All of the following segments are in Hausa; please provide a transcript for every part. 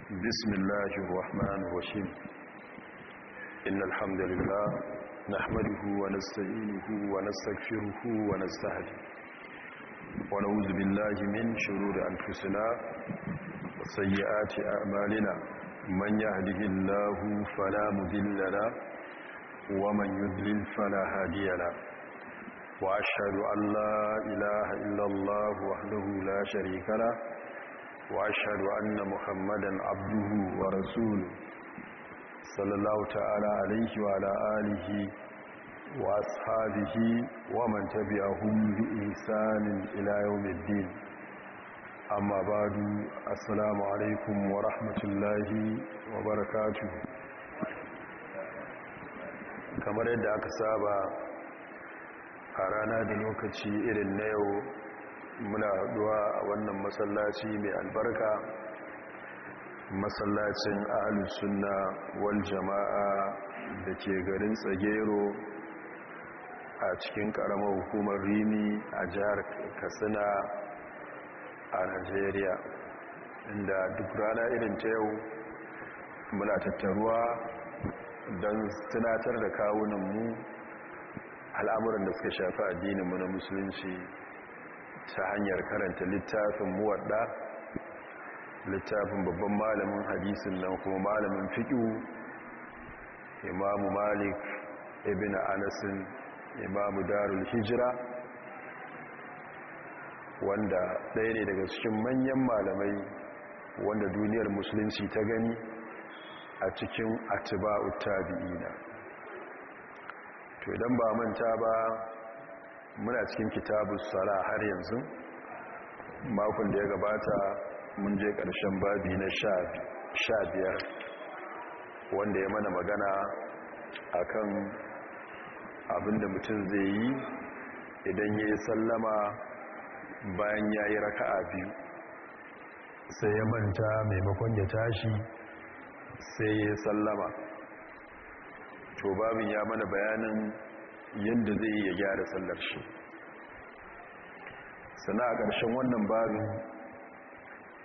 بسم الله الرحمن الرحيم إن الحمد لله نحمده ونستعينه ونستغفره ونستهدي ونعوذ بالله من شرور أنفسنا وسيئات أعمالنا من يهده الله فلا مذل له ومن يذلل فلا هادي له وأشهد أن لا إله إلا الله وحده لا شريك له واشهد ان محمدا عبده ورسوله صلى الله تعالى عليه وعلى اله واصحابه ومن تبعهم بإحسان الى يوم الدين اما بعد السلام عليكم ورحمه الله وبركاته kamar yadda aka saba a rana da lokaci irin na yau muna haɗuwa a wannan masallaci mai albarka masallacin ahalin sunna wal jama'a da ke garin tsagero a cikin ƙaramar hukumar rini a jihar katsina a Najeriya, inda duk rana irin ta yau muna tattaruwa don tunatar da kawunanmu al'amuran da suka shafi addininmu na musulunci ta hanyar karanta littafin muwadda littafin babban malamin hadisin nan kuma malamin fiƙi imamu malik ibn anasin imamu darul hijira wanda ɗaya ne daga cikin manyan malamai wanda duniyar musulunci ta gani a cikin atiba'ut tabi'ina to idan ba manta ba muna cikin kitabu sala har yanzu makon da ya gabata mun je ƙarshen babi na sha biyar wanda ya mana magana akan abinda mutum zai yi idan ya yi sallama bayan ya yi raka'a biyu sai ya manta maimakon ya tashi sai ya yi sallama to babin ya mana bayanin yadda zai iya gyara sallar shi sana a ƙarshen wannan babin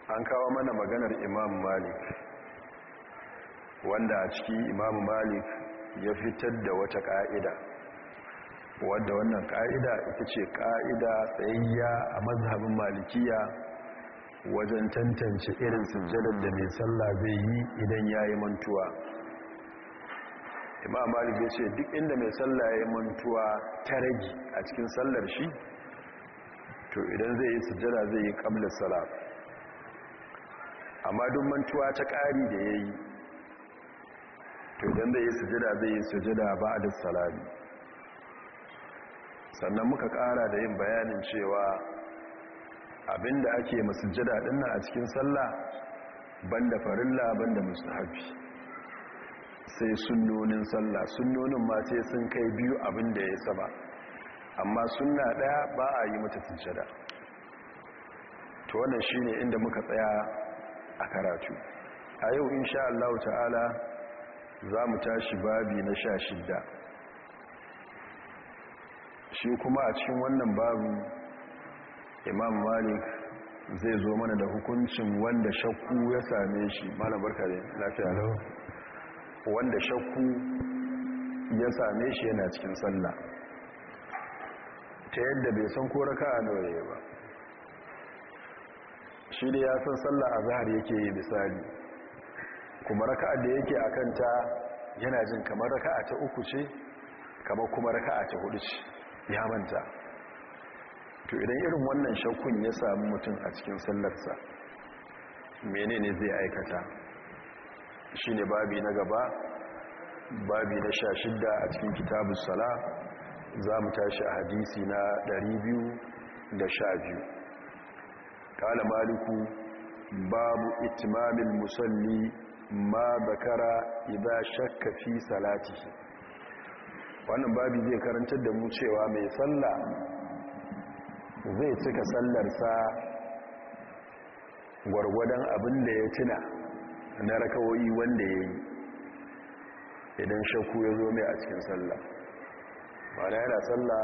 an kawo mana maganar imam malik wanda a ciki imam malik ya fitar da wata ƙa'ida wadda wannan ƙa'ida ita ce ƙa'ida tsayayya a mazhabin malikiya wajen tantance irin sujjadar da mai sallah zai yi idan ya yi mantuwa ima malik ya ce duk inda mai sallah ya mantuwa ta ragi a cikin sallar shi to idan zai yi sujjada zai yi kamlar sala amma duk mantuwa ta ƙari da ya yi to idan zai yi sujada zai yi sujada ba a salami sannan muka ƙara da yin bayanin cewa abinda ake ɗin na a cikin sallah banda farilla banda hafi. sai sunnonin sallah sunnonin ma sai sun kai biyu abin da ya saba amma sunna daya ba a yi mata da to wannan shine inda muka tsaya a karatu a yau insha Allah ta'ala za mu tashi babi na sha shida shi kuma a cikin wannan babu imam malik zai zo mana da hukuncin wanda shakku ya same shi malabar kare lafiya lau wanda shakku ya same shi yana cikin sallah ta yadda bai san ko raka a nawaye ba shi da ya san sallah a zahar yake yi misali kuma raka da yake a kanta yana jin kamar raka ta uku ce kamar kuma raka ta hudu ce ya manta to idan irin wannan shakkun ya sami mutum a cikin sallarsa menene zai aikata shi ne babi na gaba babi na sha shidda a cikin kitabun sala za mu tashi a hadisi na 212 kala maliku babu itimamin musalli ma bakara idan shakka fi salati wannan babi zai karantar da mu cewa mai sallah zai cika sallarsa gwargwadon abin da ya tuna na rakawoyi wanda ya yi idan shakku ya zo mai a cikin sallah mana yana sallah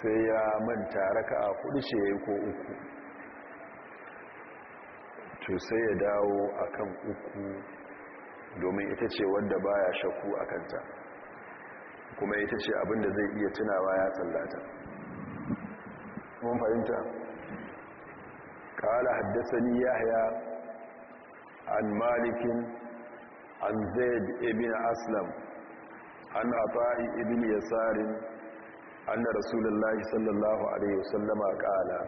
sai ya manta raka a kudu ce ya yi ko uku to sai ya dawo akan uku domin ita ce wadda baya shakku a kanta kuma ita ce abinda zai iya tunawa ya tsallata mun fahimta ni ya haya an malikin an zaid ibn aslam an ata'i ibn yasarin anna rasulullahi sallallahu alaihi wasallama qala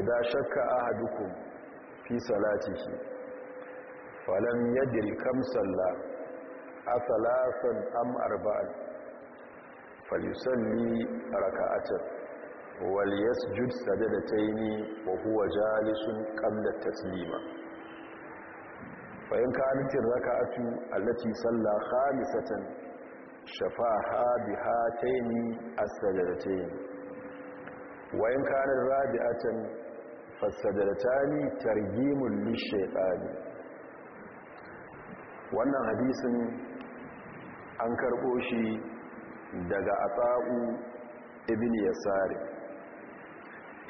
idza shakka ahadukum fi salatihi falam yadri kam salla athalasan am arba'an falyusalli raka'atan waliyasjud sajadataini wa huwa jalisun qabla taslima fayin kanatin raka'atu allati salla khamisatan shafaha biha Taini, as-sajdatayn wa in rabi'atan fas-sajdatani tarjimun lish-shaytani wannan hadisin an karbo shi daga ata'u ibn yasari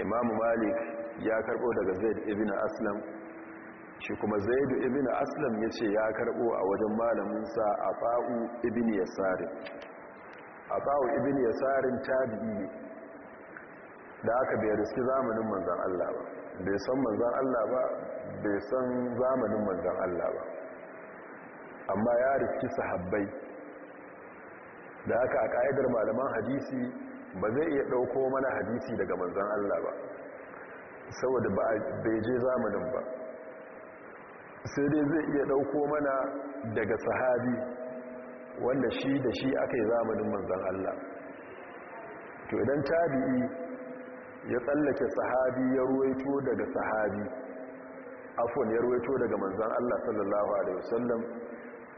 imam malik ya karbo daga zaid ibn aslam shi kuma zaidu ibn aslam ya ce ya karbo a wajen malaminsa a fa'u ibn yasarin a fa'u ibn yasarin ne da aka bai suke zamanin manzan Allah ba bai san manzan Allah ba bai san zamanin manzan Allah ba amma ya riski sahabbai da aka a ƙa'idar malaman hadisi ba zai iya ɗauko mana hadisi daga manzan Allah ba saboda bai je zamanin ba sai dai zai iya ɗauko mana daga sahabi wanda shi da shi aka yi zamanin manzan Allah to idan tabi'i ya tsallake sahabi ya ruwaito daga sahabi afon ya ruwaito daga manzan Allah sallallahu alaihi wasallam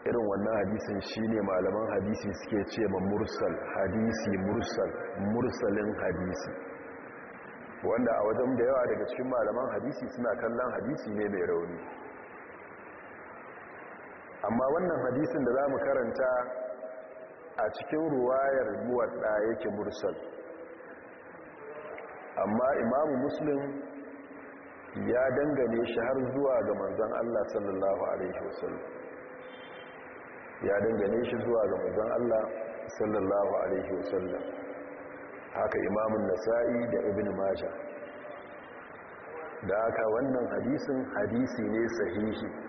irin wannan hadisin shine malaman hadisi suke ce ma mursal hadisi mursal mursalin hadisi wanda a wajen da yawa daga cikin malaman hadisi suna kallon hadisi ne mai rauni amma wannan hadisin da za mu karanta a cikin ruwayar muwadda yake mursal amma imamu muslim ya dangane shi har zuwa ga manzan Allah sallallahu alaihi wasallam ya dangane shi zuwa ga manzan Allah sallallahu alaihi wasallam haka imamun nasa'i da ibn majah da haka wannan hadisin hadisi ne sahihi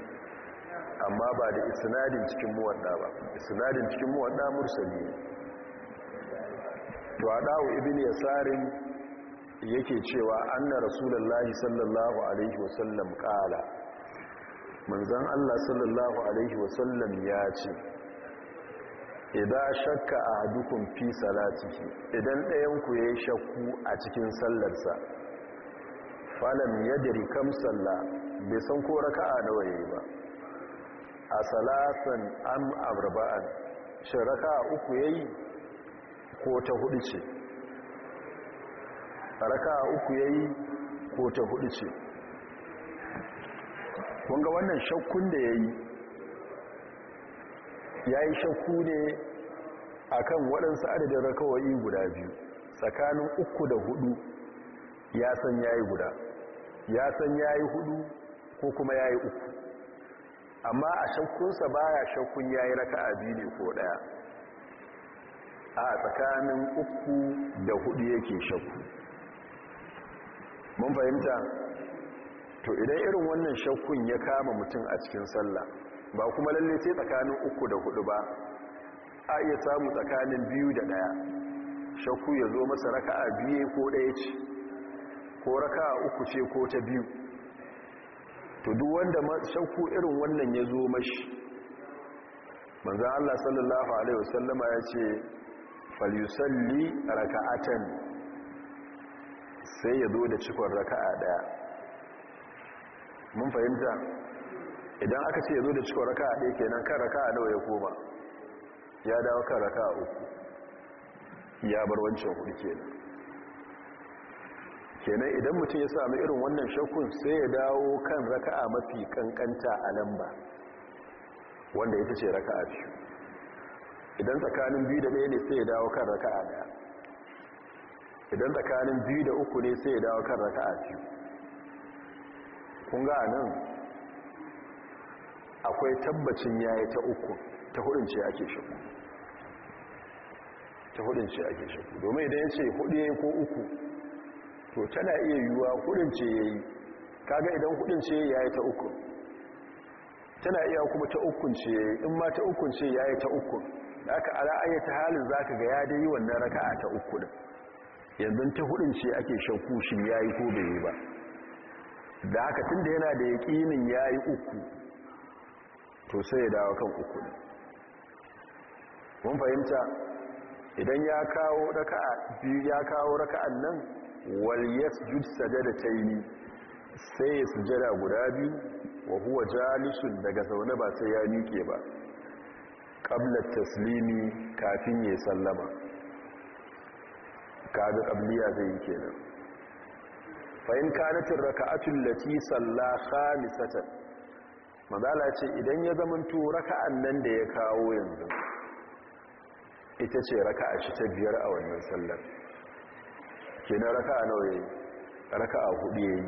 amma ba da isnadin cikin muwadda ba isnadin cikin muwadda mursali to adawu ibn yasarin yake cewa anna rasulullahi sallallahu alaihi wasallam qala manzon Allah sallallahu alaihi wasallam ya ce idan shakka ahadukum fi salatihi idan ɗayan ku yayi shakku a cikin sallarsa falam yadri kam salla bai san ko raka'a nawa yayi ba a salasan am arba'an shin raka uku yi ko ta hudu ce raka uku ya yi ko ta hudu ce kun ga wannan shakkun da ya yi shakku ne akan waɗansu adadin rakawai guda biyu tsakanin uku da hudu ya san ya yi guda ya san ya yi hudu ko kuma ya yi uku amma a shakkunsa ya shakkun yayi raka'a biyu ne ko ɗaya, a tsakanin uku da hudu yake shakku mun fahimta to idan irin wannan shakkun ya kama mutum a cikin sallah ba kuma lalle sai tsakanin uku da hudu ba a iya samu tsakanin biyu da ɗaya, shakku ya zo masa raka a biye ko daya ce ko raka'a uku ce ko ta biyu to duk wanda shakku irin wannan ya zo mashi manzan Allah sallallahu Alaihi wasallama ya ce falusalli raka'atan sai ya zo da cikon raka'a daya mun fahimta idan aka ce ya zo da cikon raka'a daya kenan kan raka'a nawa ya koma ya dawo kan raka'a uku ya bar wancan hudu kenan kenan idan mutum ya sami irin wannan shakkun sai ya dawo kan raka'a mafi kankanta a lamba wanda ita ce raka'a biyu idan tsakanin biyu da ɗaya ne sai ya dawo kan raka'a ɗaya idan tsakanin biyu da uku ne sai ya dawo kan raka'a biyu kun ga nan akwai tabbacin yayi ta uku ta hudun ce ake shakku ta hudun ce ake shakku domin idan ya ce hudu ya yi ko uku to tana iya yiwuwa kudin ce ya yi kaga idan kudin ce ya yi ta uku tana iya kuma ta ukun ce ya yi in ma ta ukun ce ya yi ta ukun da aka ala ta halin za ka ga ya dai yi wannan raka'a ta uku da yanzu ta hudun ce ake shanku shi ya yi ko bai yi ba da haka tun da yana da yaƙinin ya yi uku to sai ya dawo kan uku da mun fahimta idan ya kawo raka'a biyu ya kawo raka'an nan wal yasjud sajadataini sai ya sujada guda biyu wa huwa jalisun daga zaune ba sai ya miƙe ba qabla taslimi kafin ya sallama kaga qabliya zai yi kenan fa in raka atun rakatu allati salla khamisatan mazala ce idan ya zamanto raka'an nan da ya kawo yanzu ita ce raka'a shi ta biyar a wannan sallar raka a nawa raka a hudu yi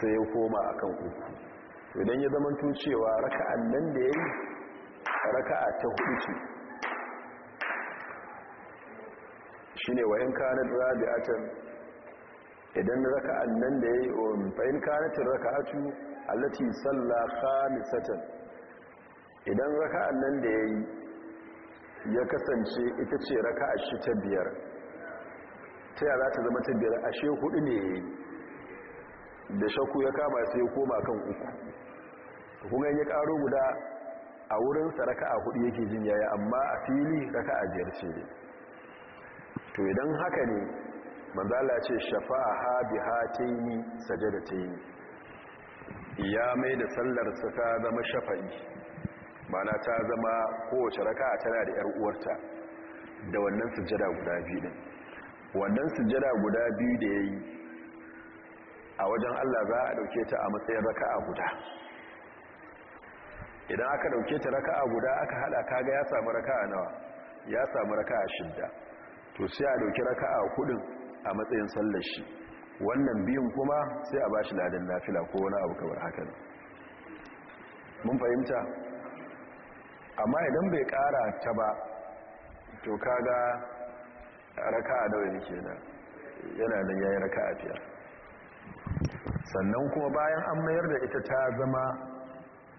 sai ya koma akan uku idan ya zama tucewa, raka a nan da ya raka raka'a ta hudu ce Shi ne wa in a can idan raka a nan da yayi um, fa raka a raka'atu allati salla khamisatan idan a nan da ya yi ya kasance ita ce raka'a shi ta biyar ta yara ta zama tabbiyar ashe hudu ne da shakku ya kama sai ya koma kan uku kuma ya karo guda a wurin raka a hudu yake jin yaya amma a fili raka a biyar ce ne to idan haka ne manzala ce shafa'a ha biha ta yi da ta yi ya mai da sa ta zama shafa'i mana ta zama kowace raka tana da 'yar uwarta da wannan sujada guda biyu wannan sujjada guda biyu da yayi yi a wajen allah za a ɗauke ta a matsayin raka'a guda idan aka ɗauke ta raka'a guda aka haɗa kaga ya samu raka'a nawa ya samu raka'a shidda to sai a ɗauki raka'a hudu a matsayin sallar shi wannan biyun kuma sai a bashi ladan nafila ko wani abu kamar haka mun fahimta amma idan bai ƙara ta ba to kaga raka'a nawa yake nan yana nan yayi raka'a biyar sannan kuma bayan an mayar da ita ta zama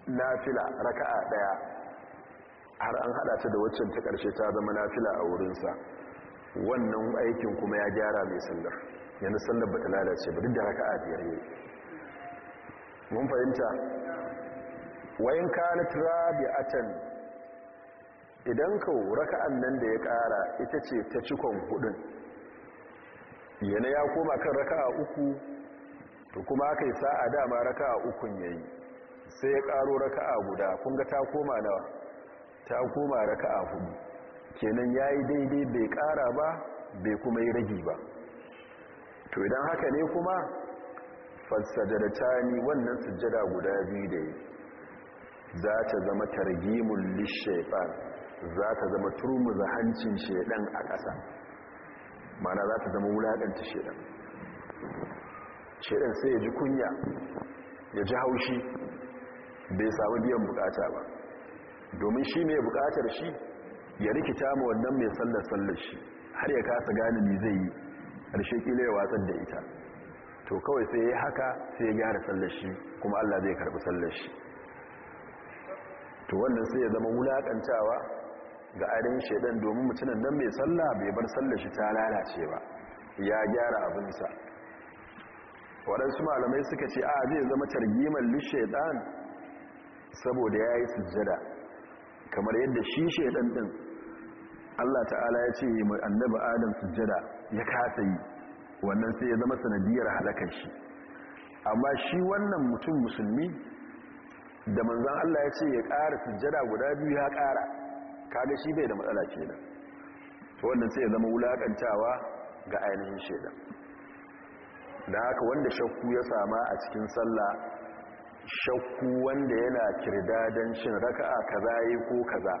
nafila raka'a daya har an hada ta da waccan ta karshe ta zama nafila a wurinsa wannan aikin kuma ya gyara mai sallar yana sallar bata lalace ba duk da raka'a biyar ne mun fahimta wayin kanat rabi'atan idan kau raka'an nan da ya ƙara ita ce ta cikon hudun yana ya koma kan raka'a uku to kuma aka yi sa'a dama raka'a ukun ya yi, sai ya ƙaro raka'a guda kun ta koma nawa ta koma raka'a hudu kenan ya yi daidai bai ƙara ba bai kuma yi ragi ba to idan haka ne kuma ta ni wannan sujjada guda biyu da yi za ta zama lishe lishaitan za ta zama turmuza hancin shaidan a ƙasa mana za ta zama wulaɗanta shaidan shaidan sai ya ji kunya ya ji haushi bai samu biyan bukata ba domin shi mai bukatar shi ya rikita ma wannan mai sallar sallar shi har ya kasa gane mi zai yi harshe kila ya watsar da ita to kawai sai ya haka sai ya gyara sallar shi kuma Allah zai karɓi sallar shi to wannan sai ya zama wulaƙantawa ga ainihin shaidan domin mutunan nan mai sallah bai bar sallar shi ta lalace ba ya gyara abinsa waɗansu malamai suka ce a zai zama targimar lishaidan saboda ya yi sujjada kamar yadda shi shaidan ɗin allah ta'ala ya ce mai annaba adam sujjada ya kasa yi wannan sai ya zama sanadiyar halakar shi amma shi wannan mutum musulmi da manzan allah ya ce ya ƙara sujjada guda biyu ya ƙara kaga shi bai da matsala kenan to wannan sai ya zama wulakantawa ga ainihin shaidan da haka wanda shakku ya sama a cikin sallah shakku wanda yana kirdadan shin raka'a kaza yi ko kaza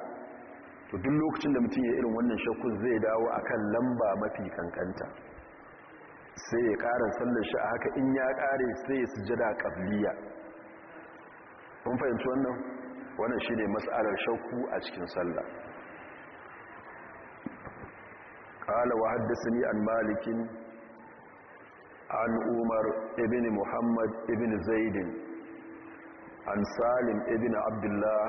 to duk lokacin da mutum ya irin wannan shakku zai dawo akan lamba mafi kankanta sai ya ƙara sallar shi a haka in ya ƙare sai ya sujada ƙabliya kun fahimci wannan wannan shi ne matsalar shakku a cikin sallah ƙala wa haddasa ni an malikin an umar ibn muhammad ibn zaidin an salim ibn abdullah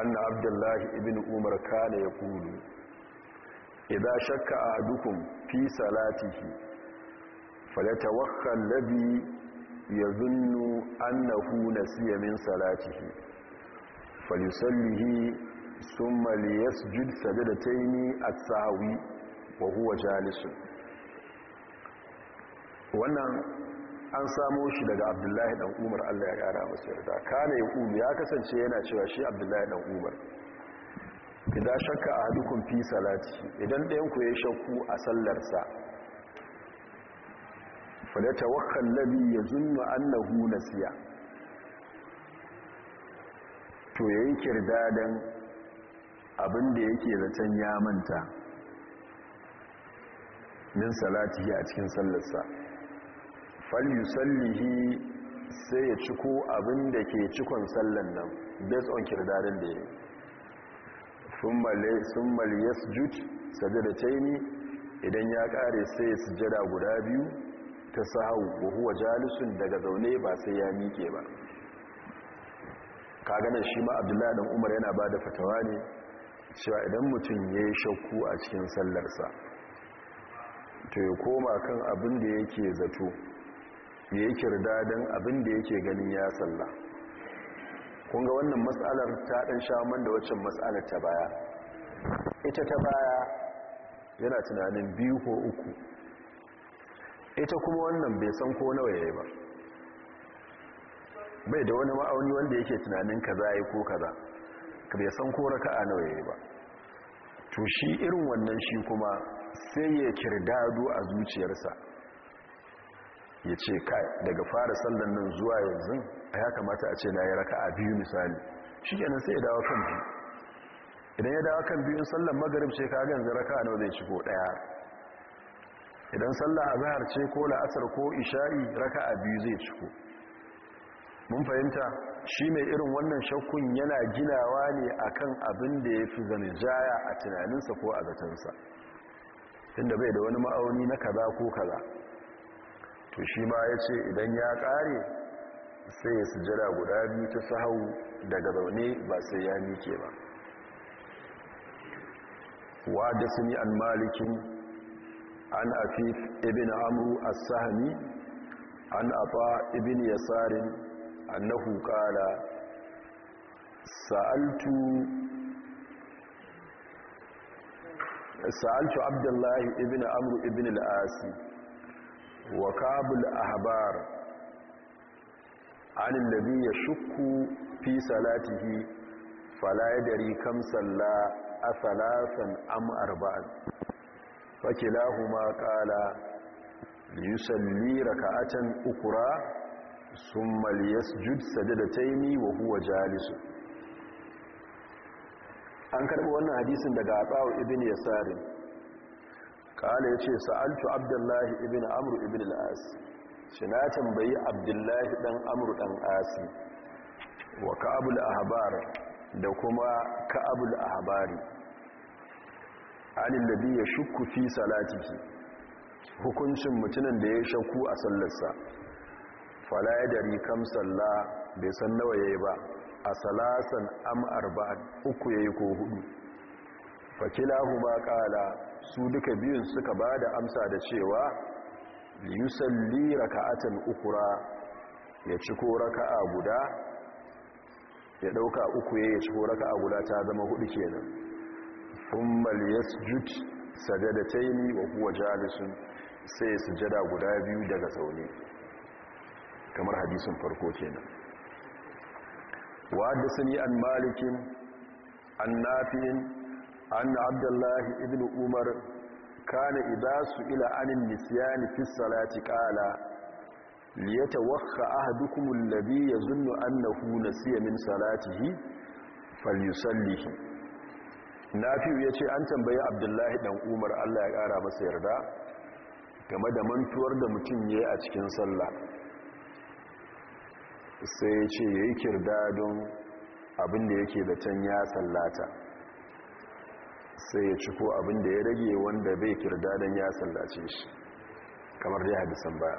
an abdullah ibn umar kada ya kulu idan shakka a dukun fi salatihi falatawakkan labi ya zunnu annahu nasiya min salatihi falisallihi sun maliyas jud sajada ta yi ni a tsawi huwa jalisun wannan an samo shi daga abdullahi dan umar allah ya kara masu yarda kane ya umu ya kasance yana cewa shi abdullahi dan umar idan shakka a hadukun fi salati idan ku ya shakku a sallarsa falata wakan labi ya zunnu annahu nasiya to ya yi kirdadan abinda yake zaton ya manta min salatihi a cikin sallarsa falyusallihi sai ya ciko abinda ke cikon sallar nan based on kirdadan da ya yi sun maliyas jut da taimi idan ya kare sai ya sujada guda biyu ta sahau wa huwa jalisun daga zaune ba sai ya miƙe ba kaganan shi ma abdullahi dan umar yana ba da fatawa ne cewa idan mutum ya yi shakku a cikin sallarsa to ya koma kan abin da yake zato ya yi kirda don abin da yake ganin ya salla kunga wannan matsalar ta ɗan shaman da waccan matsalar ta baya ita ta baya yana tunanin biyu ko uku ita kuma wannan bai san ko nawa ya yi ba bai da wani ma'auni wanda yake tunanin kaza ya ko kaza ka bai san ko raka'a nawa yayi ba to shi irin wannan shi kuma sai ya kirdado a zuciyarsa ya ce kai daga fara sallan nan zuwa yanzu a ya kamata a ce na yi raka a biyu misali shi kenan sai ya dawo kan biyu idan ya dawo kan biyun sallan magarib ce ka ganzu raka nawa zai ciko daya idan sallah azhar ce ko la'asar ko isha'i raka'a biyu zai ciko. mun fahimta shi mai irin wannan shakkun yana ginawa ne a kan abin da ya fi zane jaya a tunaninsa ko a zatansa inda bai da wani ma'auni na kaza ko kaza to shi ma ya ce idan ya kare sai ya sujada guda biyu ta sahau daga zaune ba sai ya mike ba wa da suni an malikin an afif ibn amru as-sahmi an afa ibn yasarin annahu qala sa'altu sa'altu abdullahi ibn Amru, ibn al-as wa kabul ahbar an alladhi yashukku fi salatihi fala yadri kam salla athalasan am arba'an fakilahuma qala liyusalli raka'atan ukura. Sun summa liyasjud taimi wa huwa jalisu an karɓi wannan hadisin daga Abu ibn Yasar kala yace sa'altu abdullahi ibn Amr ibn al shi na tambayi Abdullahi ɗan Amur ɗan Asi wa Ka'abul habar da kuma Ka'abul Ahbari alil ya shukufi fi salatiki hukuncin mutumin da ya shakku a sallarsa fala ya dari kam salla bai san nawa yayi ba a salasan am ba uku yayi ko hudu fakilahu ba qala su duka biyun suka bada amsa da cewa yusalli raka'atan ukura ya ci raka'a guda ya dauka uku ya ci raka'a guda ta zama hudu kenan thumma yasjud sajadataini wa huwa jalisun sai sujada guda biyu daga zaune kamar hadisin farko kenan sun yi an malikin an an na abdullahi ibn umar kana idza su'ila anin nisyan fi salati qala liyatawakha ahadukum alladhi yazunnu annahu nasiya min salatihi falyusallihi nafi'u yace an tambaye abdullahi dan umar Allah ya kara masa yarda game da mantuwar da mutum yayi a cikin sallah sai ya ce ya yi kirdadun abinda yake da can ya sallata sai ya ciko abinda ya rage wanda bai kirdadun ya sallace shi kamar dai hadisan ba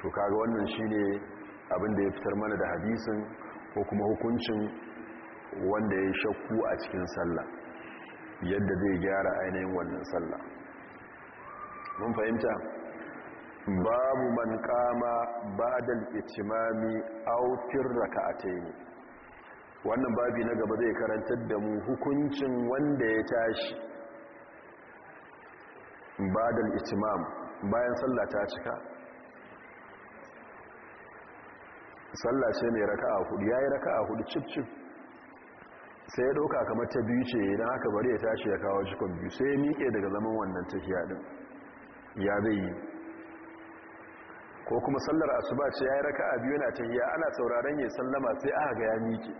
to kaga wannan shi ne abinda ya fitar mana da hadisin ko kuma hukuncin wanda ya shakku a cikin sallah yadda zai gyara ainihin wannan sallah mun fahimta babu man kama badal itimami a raka'ataini wannan babi na gaba zai karantar da mu hukuncin wanda ya tashi badal itimam bayan sallah ta cika sallah ce mai raka'a hudu yayi raka'a hudu cip cip sai ya doka kamar ta biyu ce idan haka bari ya tashi ya kawo cikon biyu sai ya miƙe daga zaman wannan tafiya din ya zai yi ko kuma sallar asuba ce yayi raka'a biyu yana iya, ana sauraron ya sallama sai aka ga ya miƙe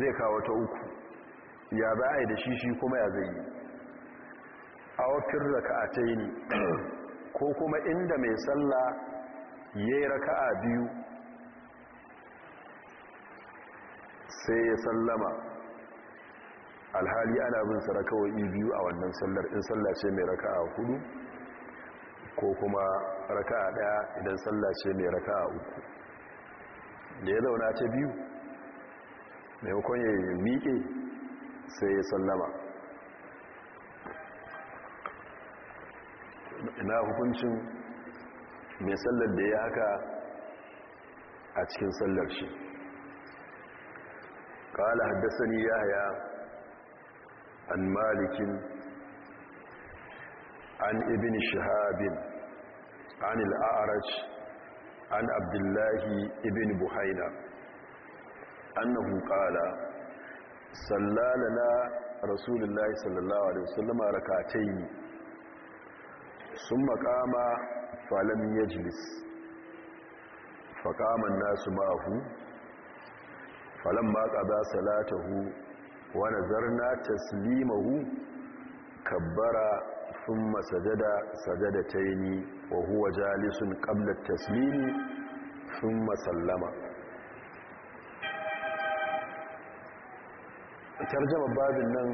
zai kawo ta uku ya za a yi da shi shi kuma ya zai yi a wafin raka'atai ne ko kuma inda mai sallah yayi raka'a biyu sai ya sallama alhali ana bin sa raka'o'i biyu a wannan sallar in salla ce mai raka'a hudu ko kuma raka'a daya idan sallah ce mai raka'a uku da ya zauna ta biyu maimakon ya miƙe sai ya sallama ina hukuncin mai sallar da ya haka a cikin sallar shi ni ya haya an malikin an ابن shahabin. عن الأعرج عن عبد الله ابن بحينا أنه قال صلى لنا رسول الله صلى الله عليه وسلم ركعتين ثم قام فلم يجلس فقام الناس معه فلما قضى صلاته ونظرنا تسليمه كبر ثم سجد سجدتين wa huwa jalisun qabla taslimi thumma sallama tarjama babin nan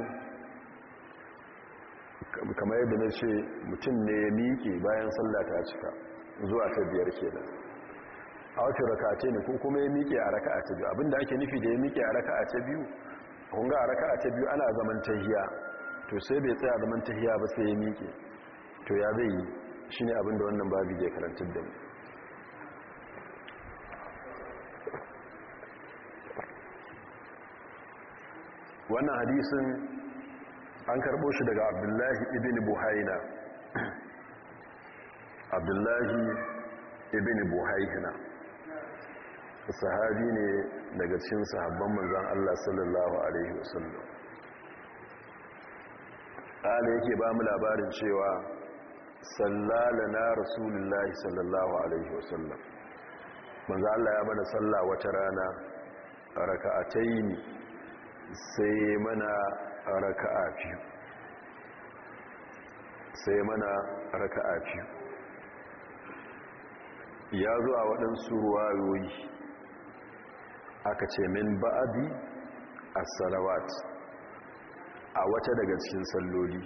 kamar yadda na ce mutum ne ya miƙe bayan sallah ta cika zuwa ta biyar kenan a wata raka ce ne ko kuma ya miƙe a raka a ta biyu abinda ake nufi da ya miƙe a raka a ta biyu kunga a raka a ta biyu ana zaman tahiya to sai bai tsaya zaman tahiya ba sai ya miƙe to ya zai yi shi ne abinda wannan babi zai karantar da mu wannan hadisin an karɓo shi daga abdullahi ibn buhaina abdullahi ibn buhaina sahabi ne daga cikin sahabban manzan Allah sallallahu alaihi wasallam ala yake ba mu labarin cewa sallala na rasulullahi sallallahu alaihi wasallam manzo Allah ya mana sallah wata rana raka'atayn sai mana raka'a biyu sai mana raka'a biyu ya zo a waɗansu ruwayoyi aka ce min ba'adi as-salawat a wata daga cikin salloli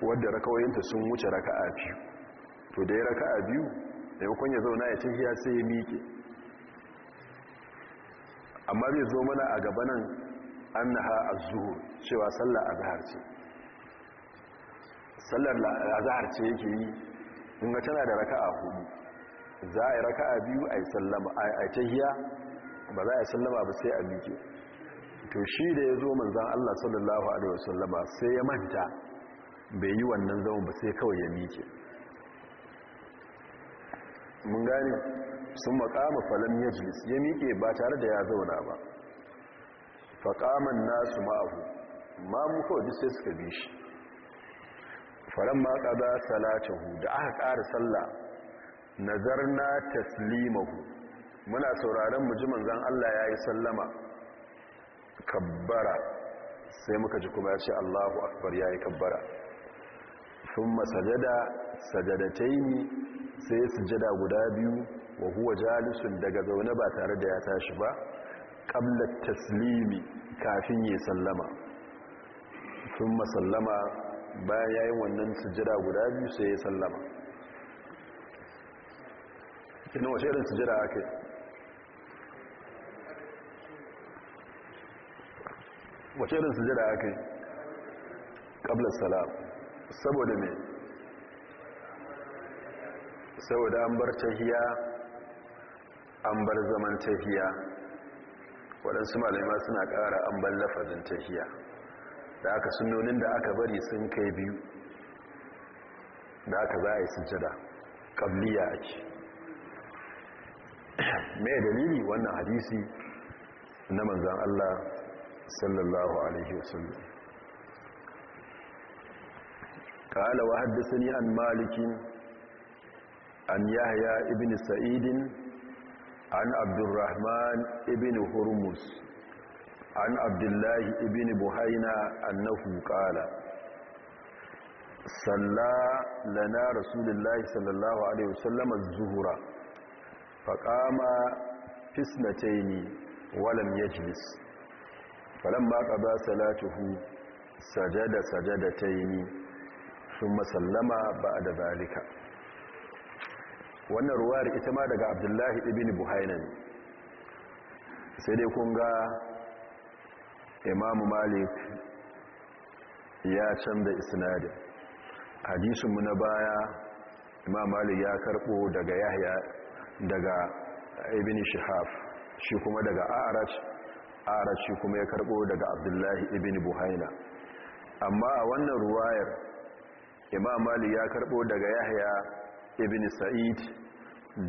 wadda rakawoyinta sun wuce raka'a biyu to da ya raka'a biyu maimakon ya zauna ya tafiya sai ya miƙe amma bai zo mana a gaba nan ha a zuhur cewa sallar azaharce. ce sallar azhar ce yake yi in ga tana da raka'a hudu za a yi raka'a biyu a yi sallama a tahiya ba za a yi sallama ba sai a miƙe to shi da ya zo manzan Allah sallallahu Alaihi wasallama sai ya manta bai yi wannan zaman ba sai kawai ya miƙe mun gane sun makama falon yajlis ya miƙe ba tare da ya zauna ba faƙaman nasu ma'ahu ma'amu kawai duk sai suka bi shi falon maƙa salatu salatahu da aka ƙara sallah nazarna taslimahu muna sauraron mu ji manzan Allah ya yi sallama kabbara sai muka ji kuma ya ce Allahu akbar ya yi kabbara sun masajada sajadataini sai su sujada guda biyu wa huwa jalisun daga zaune ba tare da ya tashi ba kabla taslimi kafin ya sallama sun masallama bayan yayin wannan sujada guda biyu sai ya sallama kina wace irin sujada ake wace irin sujada ake kabla salama. saboda me saboda an bar tafiya, an bar zaman tafiya, waɗansu malama suna ƙara an bar lafazin tafiya, da aka sunonin da aka bari sun kai biyu da aka za a yi sujada ƙabliya a ce mai dalili wannan hadisi na manzan Allah sallallahu Alaihi wasallam قال وحدثني عن مالك عن يحيى ابن سعيد عن عبد الرحمن ابن هرمز عن عبد الله ابن بهينة أنه قال صلى لنا رسول الله صلى الله عليه وسلم الزهرة فقام في اثنتين ولم يجلس فلما قضى صلاته سجد سجدتين sun masallama ba da zalika wannan ruwar ita ma daga abdullahi ibn buhainan sai dai kun ga imamu malik ya canza isnadin mu na baya imam malik ya karbo daga yahya daga ibn shihab shi kuma daga arash arash shi kuma ya karbo daga abdullahi ibn buhaina amma a wannan ruwayar imam mali ya karbo daga yahya ibn sa'id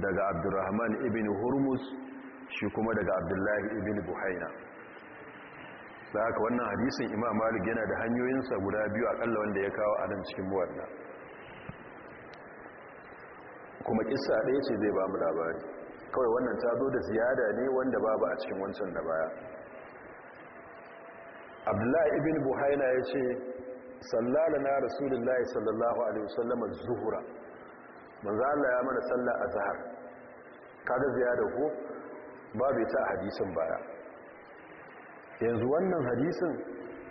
daga abdurrahman ibn hurmus shi kuma daga abdullahi ibn buhaina da haka wannan hadisin imam malik yana da hanyoyinsa guda biyu akalla wanda ya kawo a nan cikin muwadda kuma kissa ɗaya ce zai ba mu labari kawai wannan ta zo da ziyada ne wanda babu a cikin wancan da baya abdullahi ibn buhaina ya ce sallala na rasulullahi sallallahu alaihi wasallama zuhura manzo Allah ya mana sallah azhar kaga ziyada ko babu ta hadisin baya yanzu wannan hadisin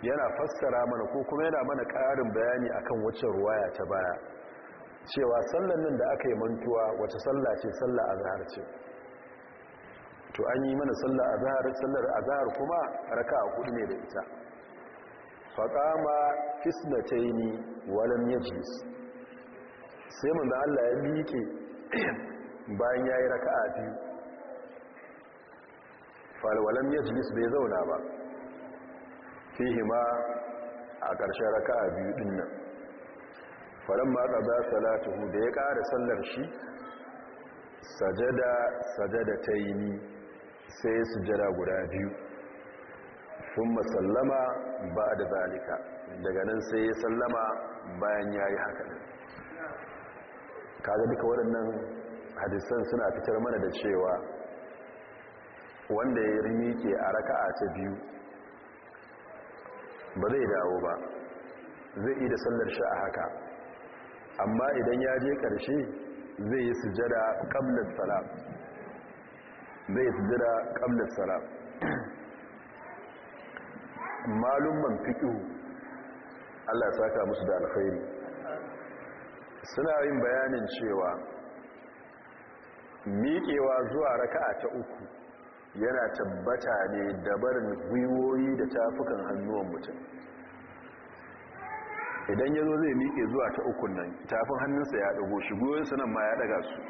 yana fassara mana ko kuma yana mana ƙarin bayani akan wacce ruwaya ta baya cewa sallan nan da aka yi mantuwa wace salla ce sallah azhar ce to an yi mana sallah azhar sallar azhar kuma a hudu ne da ita faƙama ya walam su sai da Allah ya miƙe bayan yayi raka'a biyu ya walam su bai zauna ba fihima a ƙarshen raka a biyu ɗin nan za su salatuhu da ya ƙara sallar shi sajada sajada taini sai sujada guda biyu sun masallama ba da zalika daga nan sai ya sallama bayan ya yi haka ne kaga duka waɗannan hadisan suna fitar mana da cewa wanda ya yi ke a raka'a ta biyu ba zai dawo ba zai yi da sallar shi a haka amma idan ya je ƙarshe zai yi sujada ƙamlar salam zai yi sujada ƙamlar salam malumman fiƙihu Allah ya saka musu da alkhairi suna yin bayanin cewa miƙewa zuwa raka'a ta uku yana tabbata ne da barin gwiwoyi da tafukan hannuwan mutum idan ya zo zai miƙe zuwa ta ukun nan tafin hannunsa ya ɗago shigoyinsa nan ma ya ɗaga su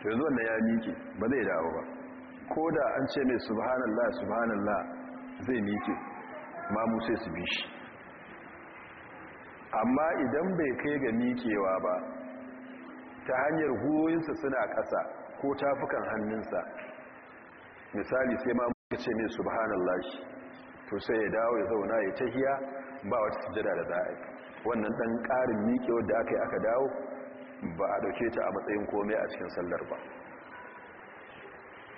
to yanzu wannan ya miƙe ba zai dawo ba ko da an ce mai subhanallah subhanallah zai miƙe mamu sai su bi shi amma idan bai kai ga miƙewa ba ta hanyar gwiwoyinsa suna ƙasa ko tafukan hannunsa misali sai mamu ya ce mai subhanallah to sai ya dawo ya zauna ya tahiya ba wata sujada da za'a wannan ɗan ƙarin miƙewar da aka yi aka dawo ba a ɗauke ta a matsayin komai a cikin sallar ba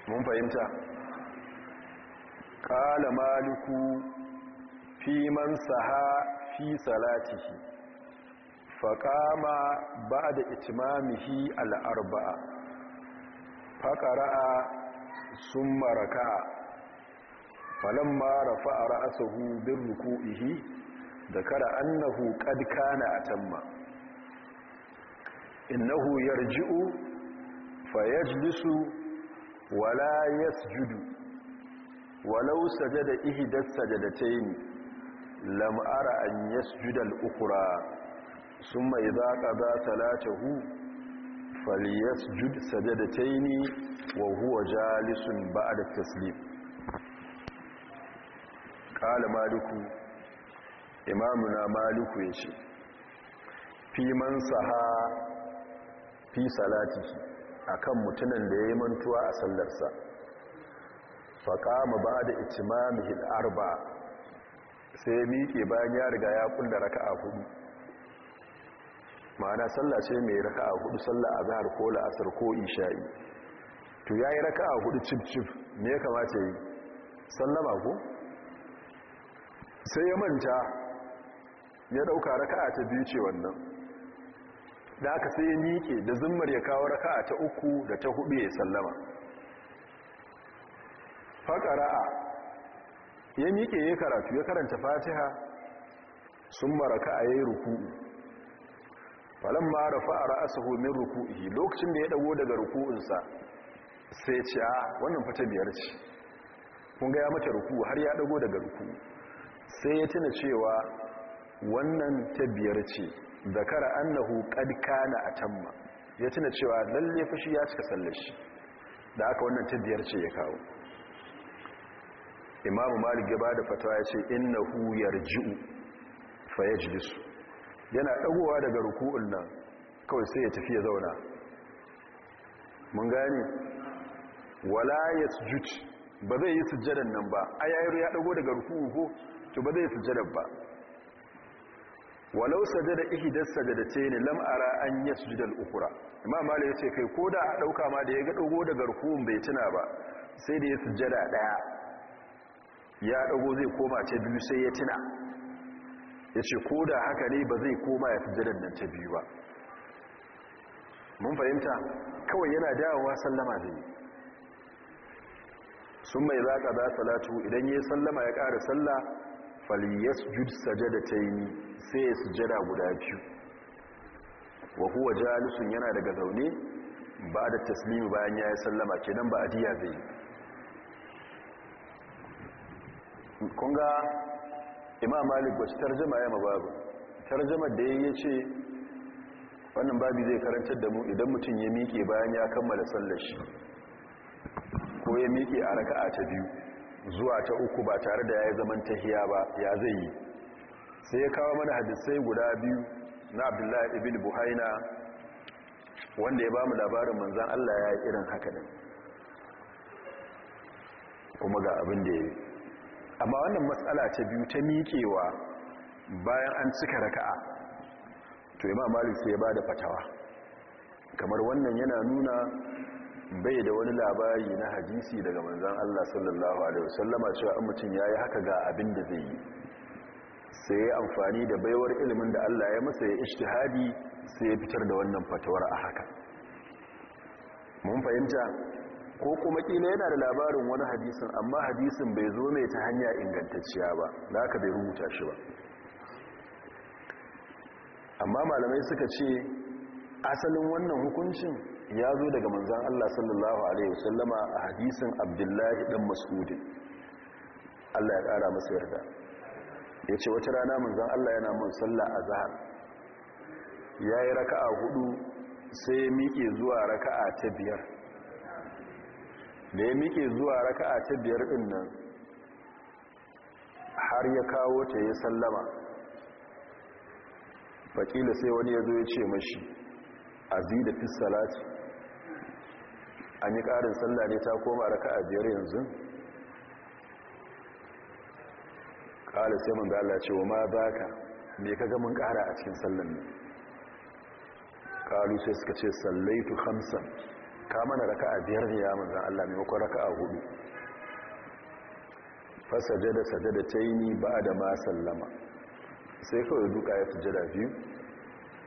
mun fahimta ƙala maliku fi man saha fi salatihi faƙama ba da itimamihi al'arba'a faƙara'a sun maraka falon mara fa'ara asahu bin ruku'ihi da kara annahu ƙadka na a tamma innahu yarji'u fayajlisu wala yasjudu walau sajada ihidat lam'ara an yasjudal ukura sun mai zaƙa za salatahu falyasjud sajadataini wa huwa jalisun ba'da taslim qala maliku imamuna maliku yace fi man saha fi salatihi akan mutunan da yayi mantuwa a sallarsa qama ba'da itimamihi al-arba'a sai ya miƙe bayan ya riga ya kulla a hudu ma'ana sallah sai mai raka a hudu sallah zahar ko la'asar ko isha'i to ya yi raka a hudu cif cif ne ya kamata yi sallama ku? sai ya manta ya dauka a ta biyu ce wannan da aka sai ya miƙe da zimmar ya kawo raka a ta uku da ta hudu ya sallama faƙara'a ya miƙe ya karatu ya karanta fatiha sun maraka a yayi ruku'u falon ma rafa a ra'asahu min ruku'i lokacin da ya dago daga ruku'unsa sai ce a ah, wannan fata biyar ce kun gaya mata ruku'u har ya ɗago daga ruku'u sai ya tuna cewa wannan ta biyar ce da zakara annahu na a tamma ya tuna cewa lalle fashi ya cika sallashi da aka wannan ta biyar ce ya kawo imamu malik ya ba da fatawa ya ce hu yarji'u fa yajlisu yana dagowa daga ruku'un nan kawai sai ya tafi ya zauna mun gani wala yasjud ba zai yi sujjadan nan ba ayayiru ya dago daga ruku'u ko to ba zai yi sujjadan ba walau sajada ihdas sajadatayn lam ara an yasjuda al-ukhra Imamu malik ya ce kai koda a ɗauka ma da ya ga dago daga ruku'un bai tuna ba sai da ya sujada ɗaya. ya dago zai koma ta biyu sai ya tuna ya ce ko da haka ne ba zai koma ya fi jiran nan ta biyu ba mun fahimta kawai yana dawowa sallama zai sun mai za ka za salatu idan ya sallama ya ƙara salla faliyas jud sajada ta yi sai ya sujada guda biyu wa kuwa jalisun yana daga zaune ba da taslimi bayan ya yi sallama kenan ba a diya zai yi Kunga, ga imam malik wacce tarjama ya mababu tarjama da ya ce wannan babu zai karantar da mu idan mutum ya miƙe bayan ya kammala sallar shi ko ya miƙe a raka a ta biyu zuwa ta uku ba tare da ya yi zaman tahiya ba ya zai yi sai ya kawo mana hadisai guda biyu na abdullahi ibn buhaina wanda ya ba mu labarin manzan allah ya yi irin haka ne kuma ga abin da ya yi amma wannan matsala ta biyu ta miƙewa bayan an cika raka'a to imam malik sai ya bada fatawa kamar wannan yana nuna bai da wani labari na hadisi daga manzan Allah sallallahu alaihi wasallama cewa in mutum yi haka ga abin da zai yi sai ya amfani da baiwar ilimin da Allah ya masa ya ijtihadi sai ya fitar da wannan fatawar a haka mun fahimta ko kuma kila yana da labarin wani hadisin amma hadisin bai zo mai ta hanya ingantacciya ba da aka bai rubuta shi ba amma malamai suka ce asalin wannan hukuncin ya zo daga manzan Allah sallallahu Alaihi wasallama a hadisin abdullahi ɗan masudin Allah ya ƙara masa yarda ya ce wata rana manzan Allah yana mun sallah a zahar ya yi raka'a hudu sai ya miƙe zuwa raka'a ta biyar da ya miƙe zuwa raka'a ta biyar ɗin nan har ya kawo ta ya sallama fakila sai wani ya zo ya ce mashi azida fi salati an yi ƙarin sallah ne ta koma a biyar yanzu ƙala sai mun da ce wa ma ba ka me ka ga mun ƙara a cikin sallan ne ƙalu sai suka ce sallaitu hamsan ka mana a biyar ne ya manzan Allah maimakon raka'a hudu fa sajada ba ba da ma sallama sai kawai duka ya sujada biyu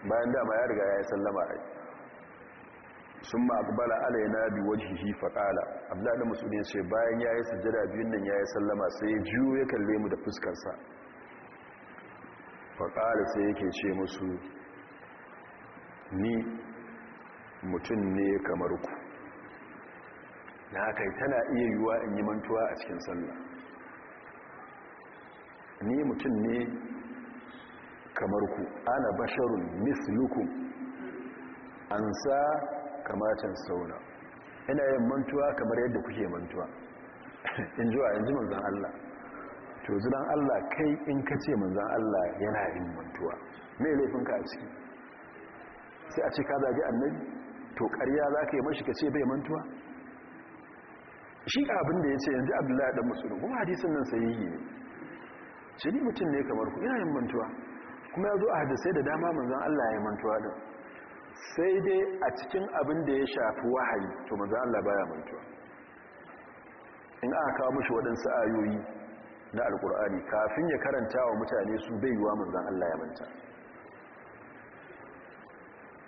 bayan dama ya riga ya yi sallama yi sun ma'akbala biyu wajen shi faƙala, abdullahi da ce bayan ya yayi sujada biyun nan ya yi sallama sai ya juyo ya kalle mu da fuskarsa faƙala sai yake ce musu ni mutum ne kamar ku da haka tana iya yiwuwa in yi mantuwa a cikin sallah ni mutum ne kamar ku ana basharun mislukum an sa kamatan sauna ina yin mantuwa kamar yadda kuke mantuwa in ji wa yanzu manzan Allah to zuran Allah kai in ka ce manzan Allah yana yin mantuwa mai laifinka a ciki sai a ce ka zage annabi to ƙarya za ka yi mashi ka ce bai mantuwa shi abin da ya ce yanzu abdullahi ɗan musulun kuma hadisun nan sai yi ne shi ni mutum ne kamar ku ina yin mantuwa kuma ya zo a hadisai da dama manzan allah ya mantuwa ɗin sai dai a cikin abin da ya shafi wahayi to manzan allah baya mantuwa in aka kawo mashi waɗansu ayoyi na alkur'ani kafin ya karanta wa mutane su bai yiwa manzan allah ya manta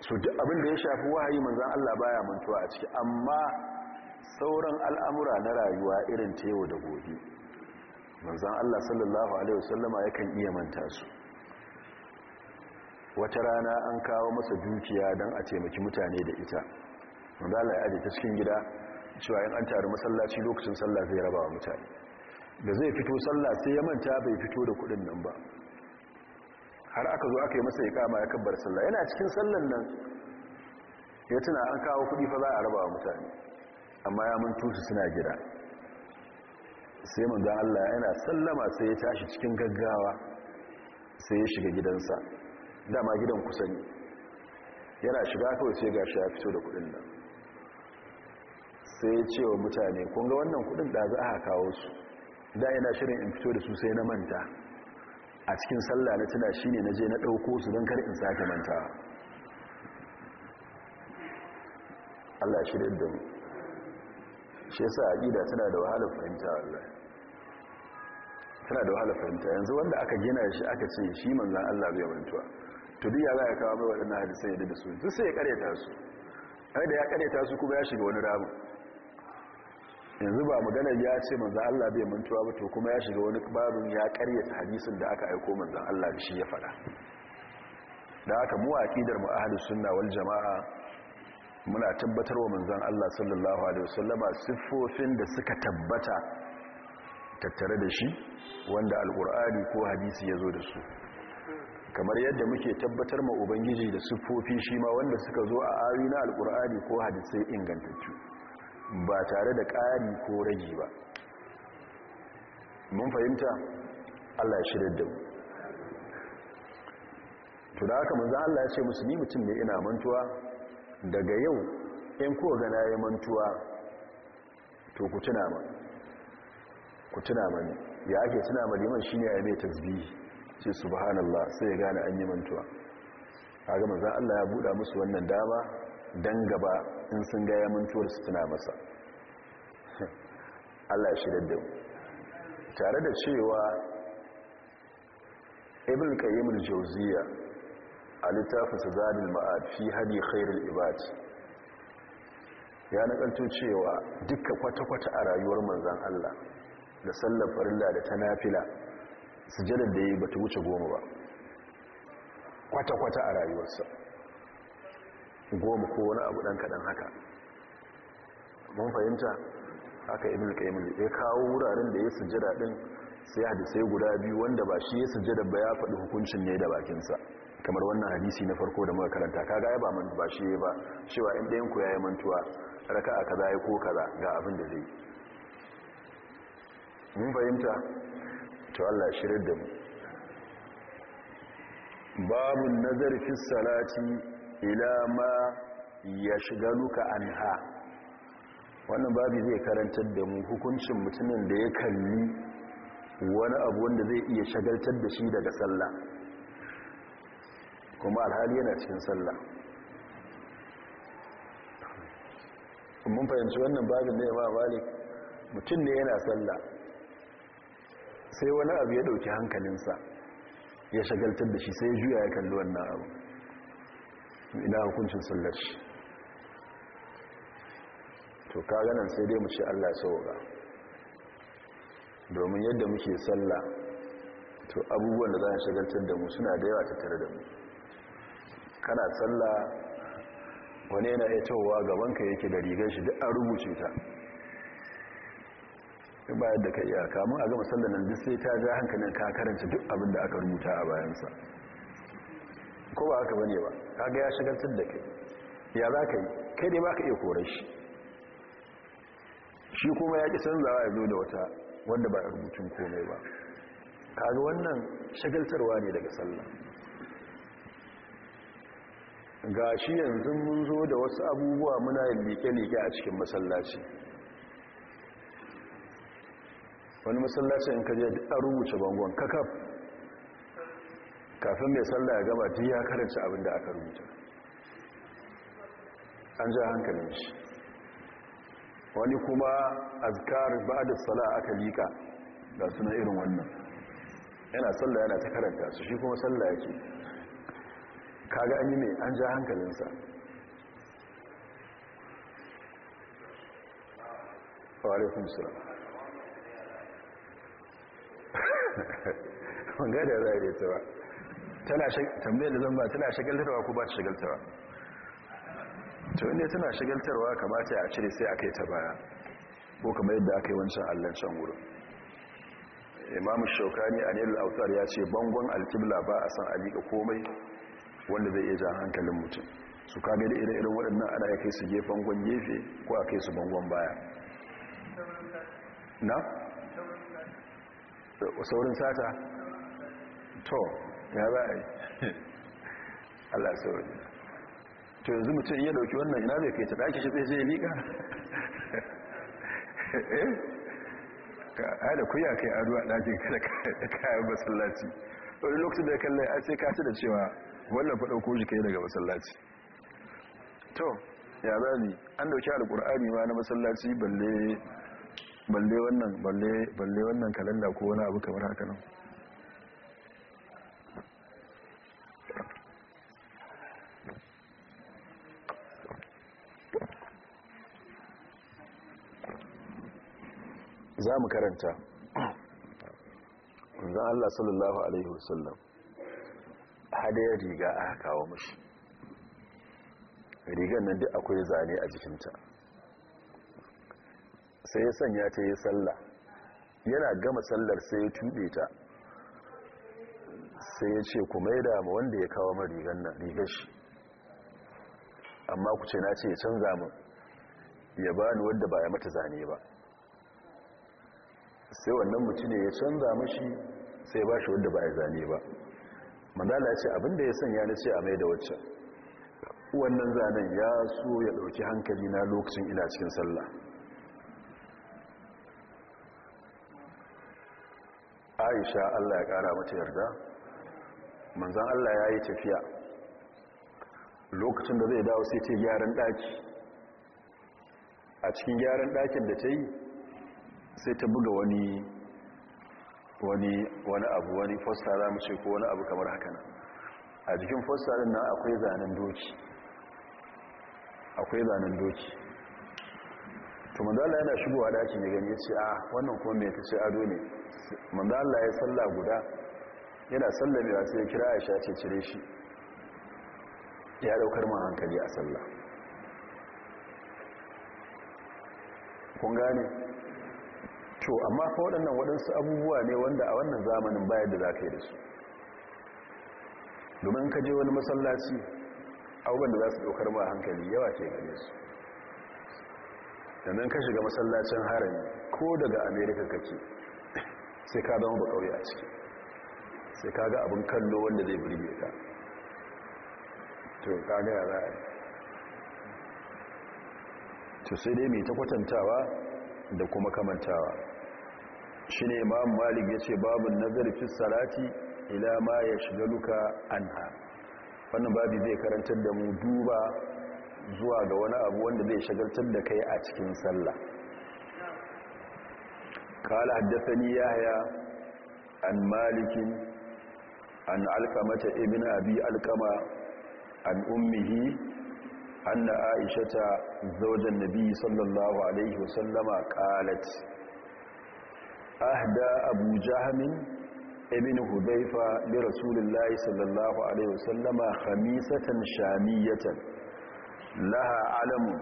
so duk abin da ya shafi wahayi manzan Allah baya mantuwa a ciki amma sauran al'amura na rayuwa irin tewo da gobe manzan Allah sallallahu alaihi wasallama yakan iya manta su wata rana an kawo masa dukiya don a taimaki mutane da ita manzan Allah ya aje ta cikin gida cewa yin an taru masallaci lokacin sallah zai raba mutane da zai fito sallah sai ya manta bai fito da kudin nan ba har aka zo aka yi masa ya kama ya kabbar sallah yana cikin sallan nan ya tuna an kawo kudi fa za a raba wa mutane amma ya mun tusu suna gida sai mun ga Allah yana sallama sai ya tashi cikin gaggawa sai ya shiga gidansa dama gidan kusa ne yana shiga kawai sai shi ya fito da kudin nan sai ya ce wa mutane kun ga wannan kudin da za a kawo su da yana shirin in fito da su sai na manta a cikin sallah na tuna shi ne na je na ɗauko su don kar in sake manta Allah shi da mu shi yasa ƙida tana da wahalar fahimta Allah tuna da wahalar fahimta yanzu wanda aka gina shi aka ce shi manzan Allah bai mantuwa to duk ya za a kawo mai waɗannan hadisai da su duk sai ya karyata su ai da ya karyata su kuma ya shiga wani ramin yanzu ba magana ya ce manzan Allah bai mantuwa ba to kuma ya shiga wani babin ya karyata hadisin da aka aiko manzan Allah da shi ya fada da aka mu aƙidar mu ahlus sunna wal jamaa muna tabbatar wa manzan Allah sallallahu alaihi wasallama siffofin da suka tabbata tattare da shi wanda alkur'ani ko hadisi ya zo da su kamar yadda muke tabbatar ma ubangiji da siffofi shi ma wanda suka zo a ayoyi na alkur'ani ko hadisai ingantattu ba tare da ƙari ko ragi ba mun fahimta allah ya shirar da mu to da haka manzo allah ya ce musulmi mutum ne ina mantuwa daga yau in ga na yi mantuwa to ku tuna ma ku tuna ma ne ya ake tuna ma liman shi ya mai tasbihi ce subhanallah sai ya gane an yi mantuwa kaga manzo allah ya buɗa musu wannan dama don gaba in sun gaya mantuwar su tuna masa allah shi da tare da cewa ibn kayyim al-jawziya a littafin zadul ma'ad fi hadi khairul ibad ya nakalto cewa dukkan kwata-kwata a rayuwar manzan allah da sallar farilla da ta nafila sujadar da yi bata wuce goma ba kwata-kwata a rayuwarsa goma ko wani abu ɗan kaɗan haka mun fahimta haka ibn qayyim ya kawo wuraren da ya sujjada din sai hadisai guda biyu wanda ba shi ya sujjada ba ya faɗi hukuncin ne da bakinsa kamar wannan hadisi na farko da muka karanta kaga ya ba man ba shi ba shi ba in ɗayan ku yi mantuwa raka'a kaza ya ko kaza ga abin da zai mun fahimta to Allah shirin da mu babu nazari fi salati ila ma ya shiga luka an ha wannan babu zai karantar da mu hukuncin mutumin da ya kalli wani abu wanda zai iya shagaltar da shi daga sallah kuma alhali yana cikin sallah mun fahimci wannan babin da ya ba malik mutum ne yana sallah sai wani abu ya dauki hankalinsa ya shagaltar da shi sai juya ya kalli wannan abu ina hukuncin sallar shi to ka ganin sai dai mu ce allah sauka domin yadda muke salla to abubuwan da za a shagaltar da mu suna da yawa tattare da mu kana salla wani yana iya cewa gabanka yake da rigar shi duk an rubuce ta bayar da ka iya kamun a gama sallar nan duk sai ta ja hankalin ka karanta duk abin da aka rubuta a bayansa ko ba haka bane ba kaga ya shagaltar da kai ya za ka yi kai ne ba ka iya kore shi shi kuma ya ƙi sanza ya zo da wata wanda ba a rubutun komai ba kaga wannan shagaltarwa ne daga sallah ga shi yanzu mun zo da wasu abubuwa muna yin liƙe-liƙe a cikin masallaci wani masallaci in kaje a rubuce bangon kakaf kafin mai sallah ya gama ta ya karanta abin da aka rubuta an ja hankalin shi wani kuma azkar ba da sala aka liƙa ga suna irin wannan yana sallah yana ta karanta su shi kuma sallah yake kaga an yi mai an ja hankalinsa wa'alaikun sura da za a yi ta ba tana tambayar da zan ba tana shagaltarwa ko ba ta shagaltarwa to inda tana shagaltarwa kamata a cire sai aka yi ta baya ko kamar yadda aka yi wancan allan can wurin imamu shaukani a nilul autar ya ce bangon alkibla ba a san alika komai wanda zai iya jan hankalin mutum su kaga da ire-iren waɗannan ana ya kai su gefen gwan gefe ko a kai su bangon baya na? saurin sata? to ya ba a yi allah sauri to yanzu mutum iya dauki wannan ina zai kai ta ɗaki shi zai zai liƙa eh da ada kuya kai ado a ɗakin kada kayan masallaci wani lokacin da ya kalla ya ce ka da cewa wannan faɗa ko shi kai daga masallaci to ya za ni an dauki alƙur'ani ma na masallaci balle wannan kalanda ko wani abu kamar haka nan za mu karanta zan Allah sallallahu Alaihi wasallam ya riga a kawo mashi rigar nan duk akwai zane a jikinta sai ya sanya ta yi sallah yana gama sallar sai ya tube ta sai ya ce kuma ya dama wanda ya kawo ma rigar nan rigar shi amma ku ce na ce ya canza min ya bani wadda ba ya mata zane ba sai wannan mutum ya canza mashi sai ba shi wadda ba ya zane ba mandala ce abinda ya sanya na ce a mai da wacce wannan zanen ya so ya ɗauki hankali na lokacin ina cikin sallah aisha allah ya ƙara mata yarda manzan allah ya yi tafiya lokacin da zai dawo sai ce gyaran ɗaki a cikin gyaran ɗakin da ta yi sai ta buga wani wani wani abu wani fosta za mu ce ko wani abu kamar haka nan a jikin fosta din nan akwai zanen doki akwai zanen doki to manzala yana shigowa dakin ya gani ya ce a wannan kuma mai ta ce ado ne manzala ya salla guda yana sallamewa sai ya kira aisha ce cire shi ya daukar man hankali a sallah kun gane to amma fa waɗannan waɗansu abubuwa ne wanda a wannan zamanin bayar da za ka yi da su domin ka je wani masallaci abubuwan da za su ɗaukar ma hankali yawa ke gane su ka shiga masallacin harami ko daga amerika kake sai ka zama ba a ciki sai ka ga abin kallo wanda zai birge ka to ka gaya za a yi to sai dai mai ta kwatantawa da kuma kamantawa shi ne imam malik ya ce babin nazari fi ila ma ya shiga duka anha wannan babi zai karantar da mu duba zuwa ga wani abu wanda zai shagaltar da kai a cikin sallah kala ya haya an malikin an alkamata ibn abi alkama an ummihi anna aisha ta zaujan nabi sallallahu alaihi wasallama qalat ahda abu jahamin ibn hudaifa bi rasulillahi sallallahu alaihi wasallama khamisatan shamiyatan laha alamu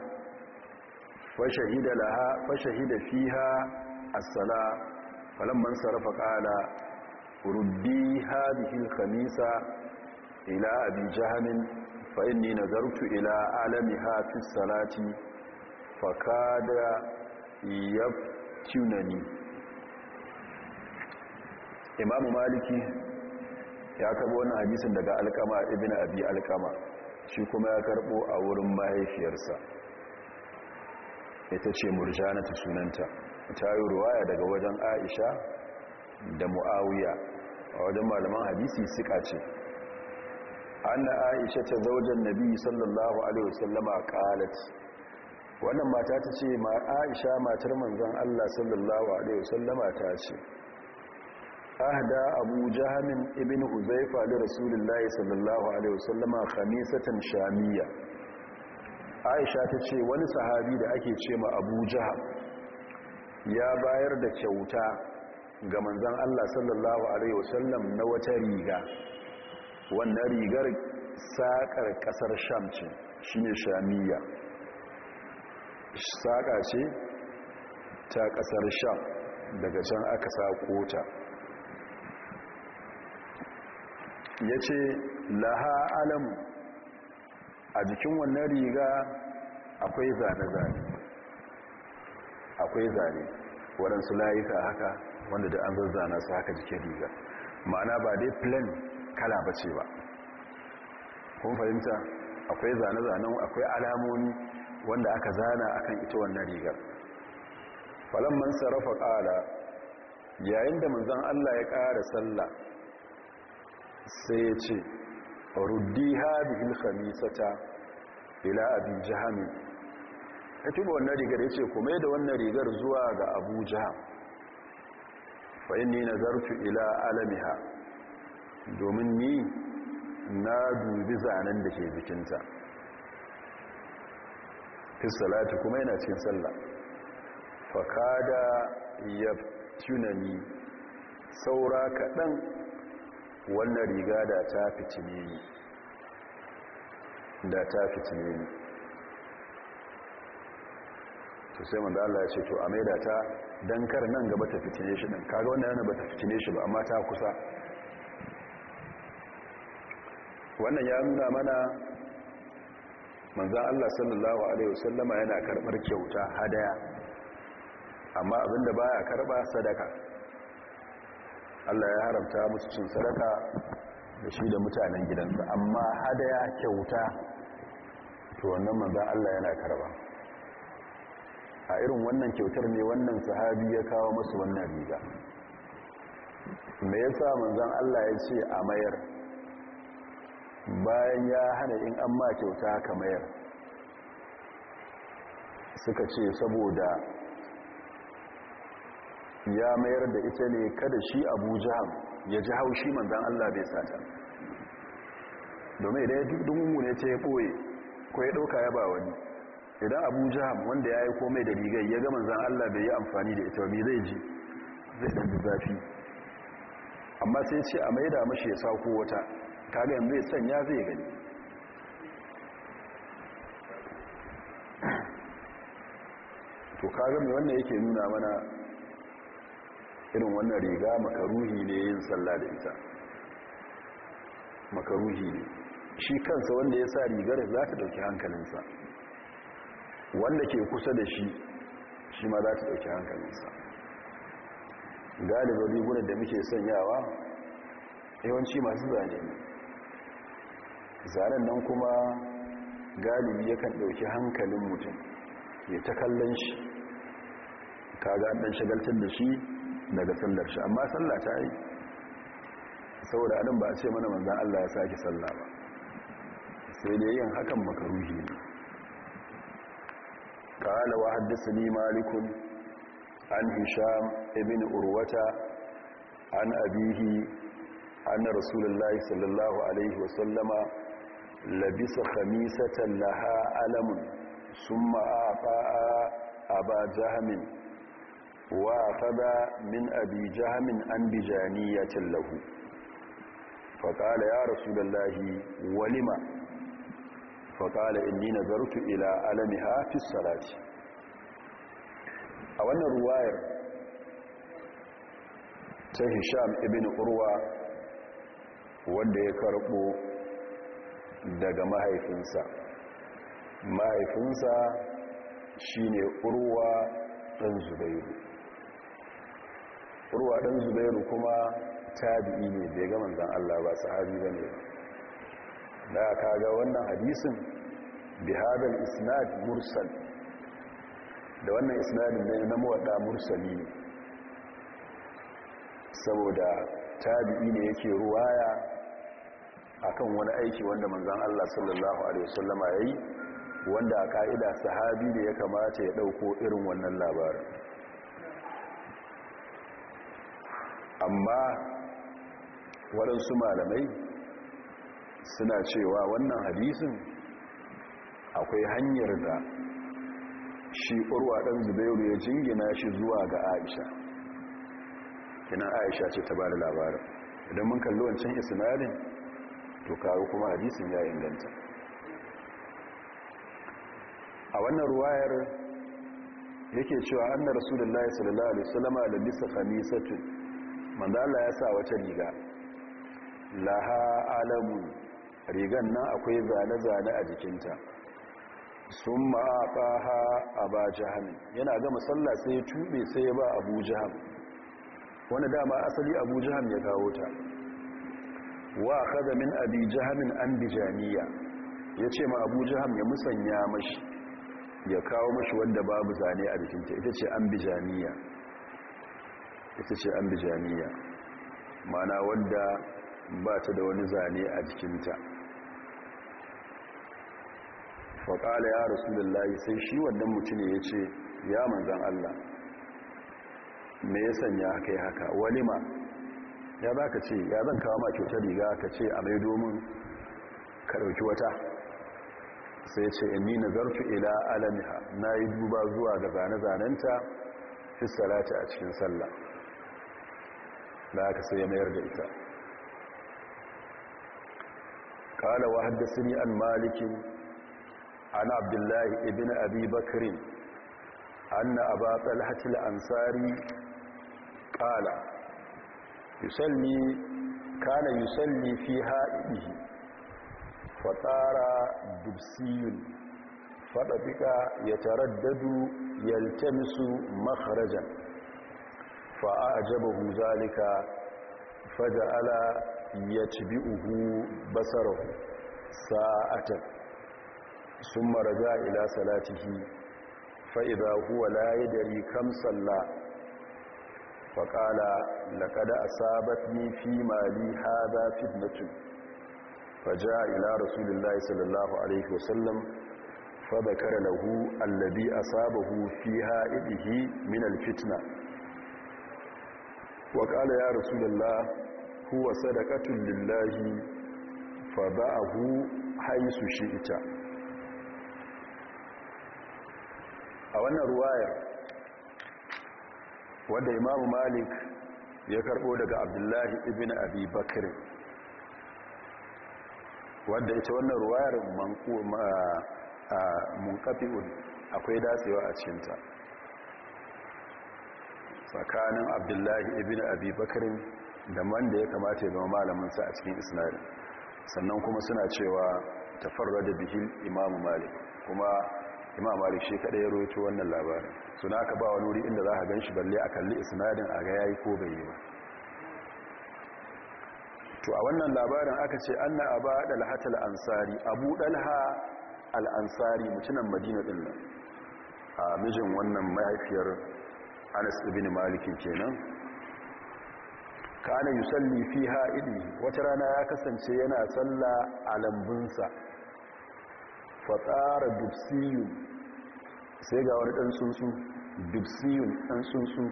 fashahida laha fiha as-sala falamman sarafa qala ruddi hadhihi al-khamisa ila abi jahamin fa inni nazartu ila alamiha fi as-salati fakada yaftunani imamu maliki ya karbo wani hadisin daga alkama ibn abi alkama shi kuma ya karbo a wurin mahaifiyarsa ita ce murjana ta sunanta ta yi ruwaya daga wajen aisha da mu'awiya a wajen malaman hadisi suka ce na aisha ta zaujen nabi sallallahu alaihi wasallama kalat wannan mata ta ce ma aisha matar manzon Allah sallallahu alaihi wasallama ta ce ahda abu jahamin ibn huzaifa da rasulullahi sallallahu alaihi wasallama khamisatan shamiya aisha ta ce wani sahabi da ake ce ma abu ya bayar da kyauta ga manzan allah sallallahu alaihi wasallam na wata riga wannan rigar saƙar ƙasar sham ce shi ne shamiya saƙa ce ta ƙasar sham daga can aka saƙo ta ya ce laha alam a jikin wannan riga akwai zane-zane akwai zane waɗansu layuka haka wanda da an zazzana su haka jikin riga ma'ana ba dai plan kala ba ce ba kun fahimta akwai zane-zanen akwai alamomi wanda aka zana akan ita wannan riga. falon man sarrafa ƙala yayin da manzan allah ya ƙara sallah sai ya ce haɗi bihil khamisata ila abi jihami ya tuba wannan rigar ya ce kuma da wannan rigar zuwa ga abu jahannam fa inni zarfi ila alamiha domin ni na dubi zanen da ke bikinta. fisalati kuma yana cikin sallah fakada ya tunani saura kaɗan wannan riga da ta fitine ni da ta fitine ni to sai manzo Allah ya ce to a maida ta dan kar nan gaba ta fitine shi din kaga wannan yana ba ta fitine shi ba amma ta kusa wannan ya nuna mana manzo Allah sallallahu alaihi wasallama yana karbar kyauta hadaya amma abinda baya karba sadaka Allah ya haramta musu cin sadaka da shi da mutanen gidansa amma hadaya kyauta to wannan manzo Allah yana karba a irin wannan kyautar ne wannan sahabi ya kawo masu wannan riga me yasa manzan Allah ya ce a mayar bayan ya hana in an ma kyauta ka mayar suka ce saboda ya mayar da ita ne kada shi abu jiham ya ji haushi manzan allah bai sata domin idan ya dubu ne ce ya ɓoye ko ya ɗauka ya ba wani idan abu jiham wanda ya yi komai da rigai ya ga manzan allah bai yi amfani da ita wani zai ji zai ɗanzu zafi amma sai ce a da mashi ya sako wata kaga yanzu ya sanya zai gani to kaga mai wannan yake nuna mana irin wannan riga makaruhi ne yin sallah da ita makaruhi ne shi kansa wanda ya sa rigar za ta dauki hankalinsa wanda ke kusa da shi shi ma za ta dauki hankalinsa galiba rigunan da muke sanyawa yawanci masu zane ne zanen nan kuma galibi yakan dauki hankalin mutum ya ta kallon shi ka ga an shagaltar da shi daga sallar shi amma sallah ta yi saboda adam ba a ce mana manzan Allah ya sake salla ba sai da yin hakan makaruhi ne qala wa ni malikun an hisham ibn urwata an abihi an rasulullahi sallallahu alaihi wa sallama labisa khamisatan laha alamun summa afa aba jahannam wa fada min abi jahamin an bijani ya tallahu faƙala ya rasu dallahi walima faƙala inni nazartu ila alami Hafiz salati a wannan ruwayar ta hisham ibn urwa wanda ya karɓo daga mahaifinsa mahaifinsa shine urwa ɗan zubairu urwa ɗan zubairu kuma tabi'i ne bai ga manzan Allah ba sahabi ba ne da ka ga wannan hadisin bihadal isnad mursal da wannan isnadin ne na muwaɗa mursali ne saboda tabi'i ne yake ruwaya akan wani aiki wanda manzan Allah sallallahu alaihi wasallama yayi wanda a ka'ida sahabi ne ya kamata ya dauko irin wannan labarin amma waɗansu malamai suna cewa wannan hadisin akwai hanyar da shi urwa ɗan zubairu ya jingina shi zuwa ga aisha Ina aisha ce ta ba da labarin idan mun kalli wancan isnadin to kawo kuma hadisin ya inganta a wannan ruwayar yake cewa annar rasulullahi sallallahu alaihi wasallama da bisa khamisatun manzo Allah ya sa wata riga laha alamu. rigan nan akwai zane-zane a jikinta sun ma'afaha a ba jiham yana gama sallah sai ya tube sai ya ba abu wani dama asali abu ya kawo ta wa kada min abi jihamin an bijaniya ya ce ma abu ya musanya mashi ya kawo mashi wanda babu zane a jikinta ita ce an bijaniya ita ce an bijaniya mana wadda ba ta da wani zane a jikinta faƙala ya rasu rasulullahi sai shi wannan mutum ya ce ya manzan Allah me ya sanya haka haka wani ma ya za ka ce ya zan kawo ma kyautar riga ka ce a mai domin ka ɗauki wata sai ce na zarfi ila alamiha na yi duba zuwa ga zane-zanenta fi salata a cikin sallah da aka sai ya mayar da ita kala wa haddasini an malikin an abdullahi ibn abi bakirin anna aba talhatil ansari kala yusalli kana yusalli fi haɗihi fatara dubsiyun faɗaɗiƙa ya taraddadu yaltamisu makharajan fa'ajabahu zalika faja'ala yatbi'uhu basarahu sa'atan summa raja ila salatihi fa idha huwa la yadri kam salla fa qala laqad asabatni fi mali hadha fitnatun faja'a ila rasulillahi sallallahu alaihi wasallam فذكر له الذي أصابه في هائده من الفتنة wa kala ya rasulallah huwa sadakatun lillahi fa ba'ahu haisu shi ita a wannan ruwaya wanda imam malik ya karbo daga abdullahi ibn abi bakir wanda ita wannan ruwayar munkafi'un akwai dacewa a cinta tsakanin abdullahi ibn abi bakarin da wanda ya kamata ya zama malaminsa a cikin isnadin sannan kuma suna cewa tafarra da bihil imamu malik kuma imam malik shi kadai ya roto wannan labarin suna ka ba wani wuri inda za a gan shi balle a kalli isnadin a ga ya yi ko bai yi ba to a wannan labarin aka ce anna aba dalhat ansari abu dalha al-ansari mutumin madina din nan a mijin wannan mahaifiyar anas ibn malik kenan kana yusalli fiha idi wata rana ya kasance yana salla a lambunsa tsara dubsiyu sai ga wani ɗan sunsu, dubsiyu ɗan sunsu.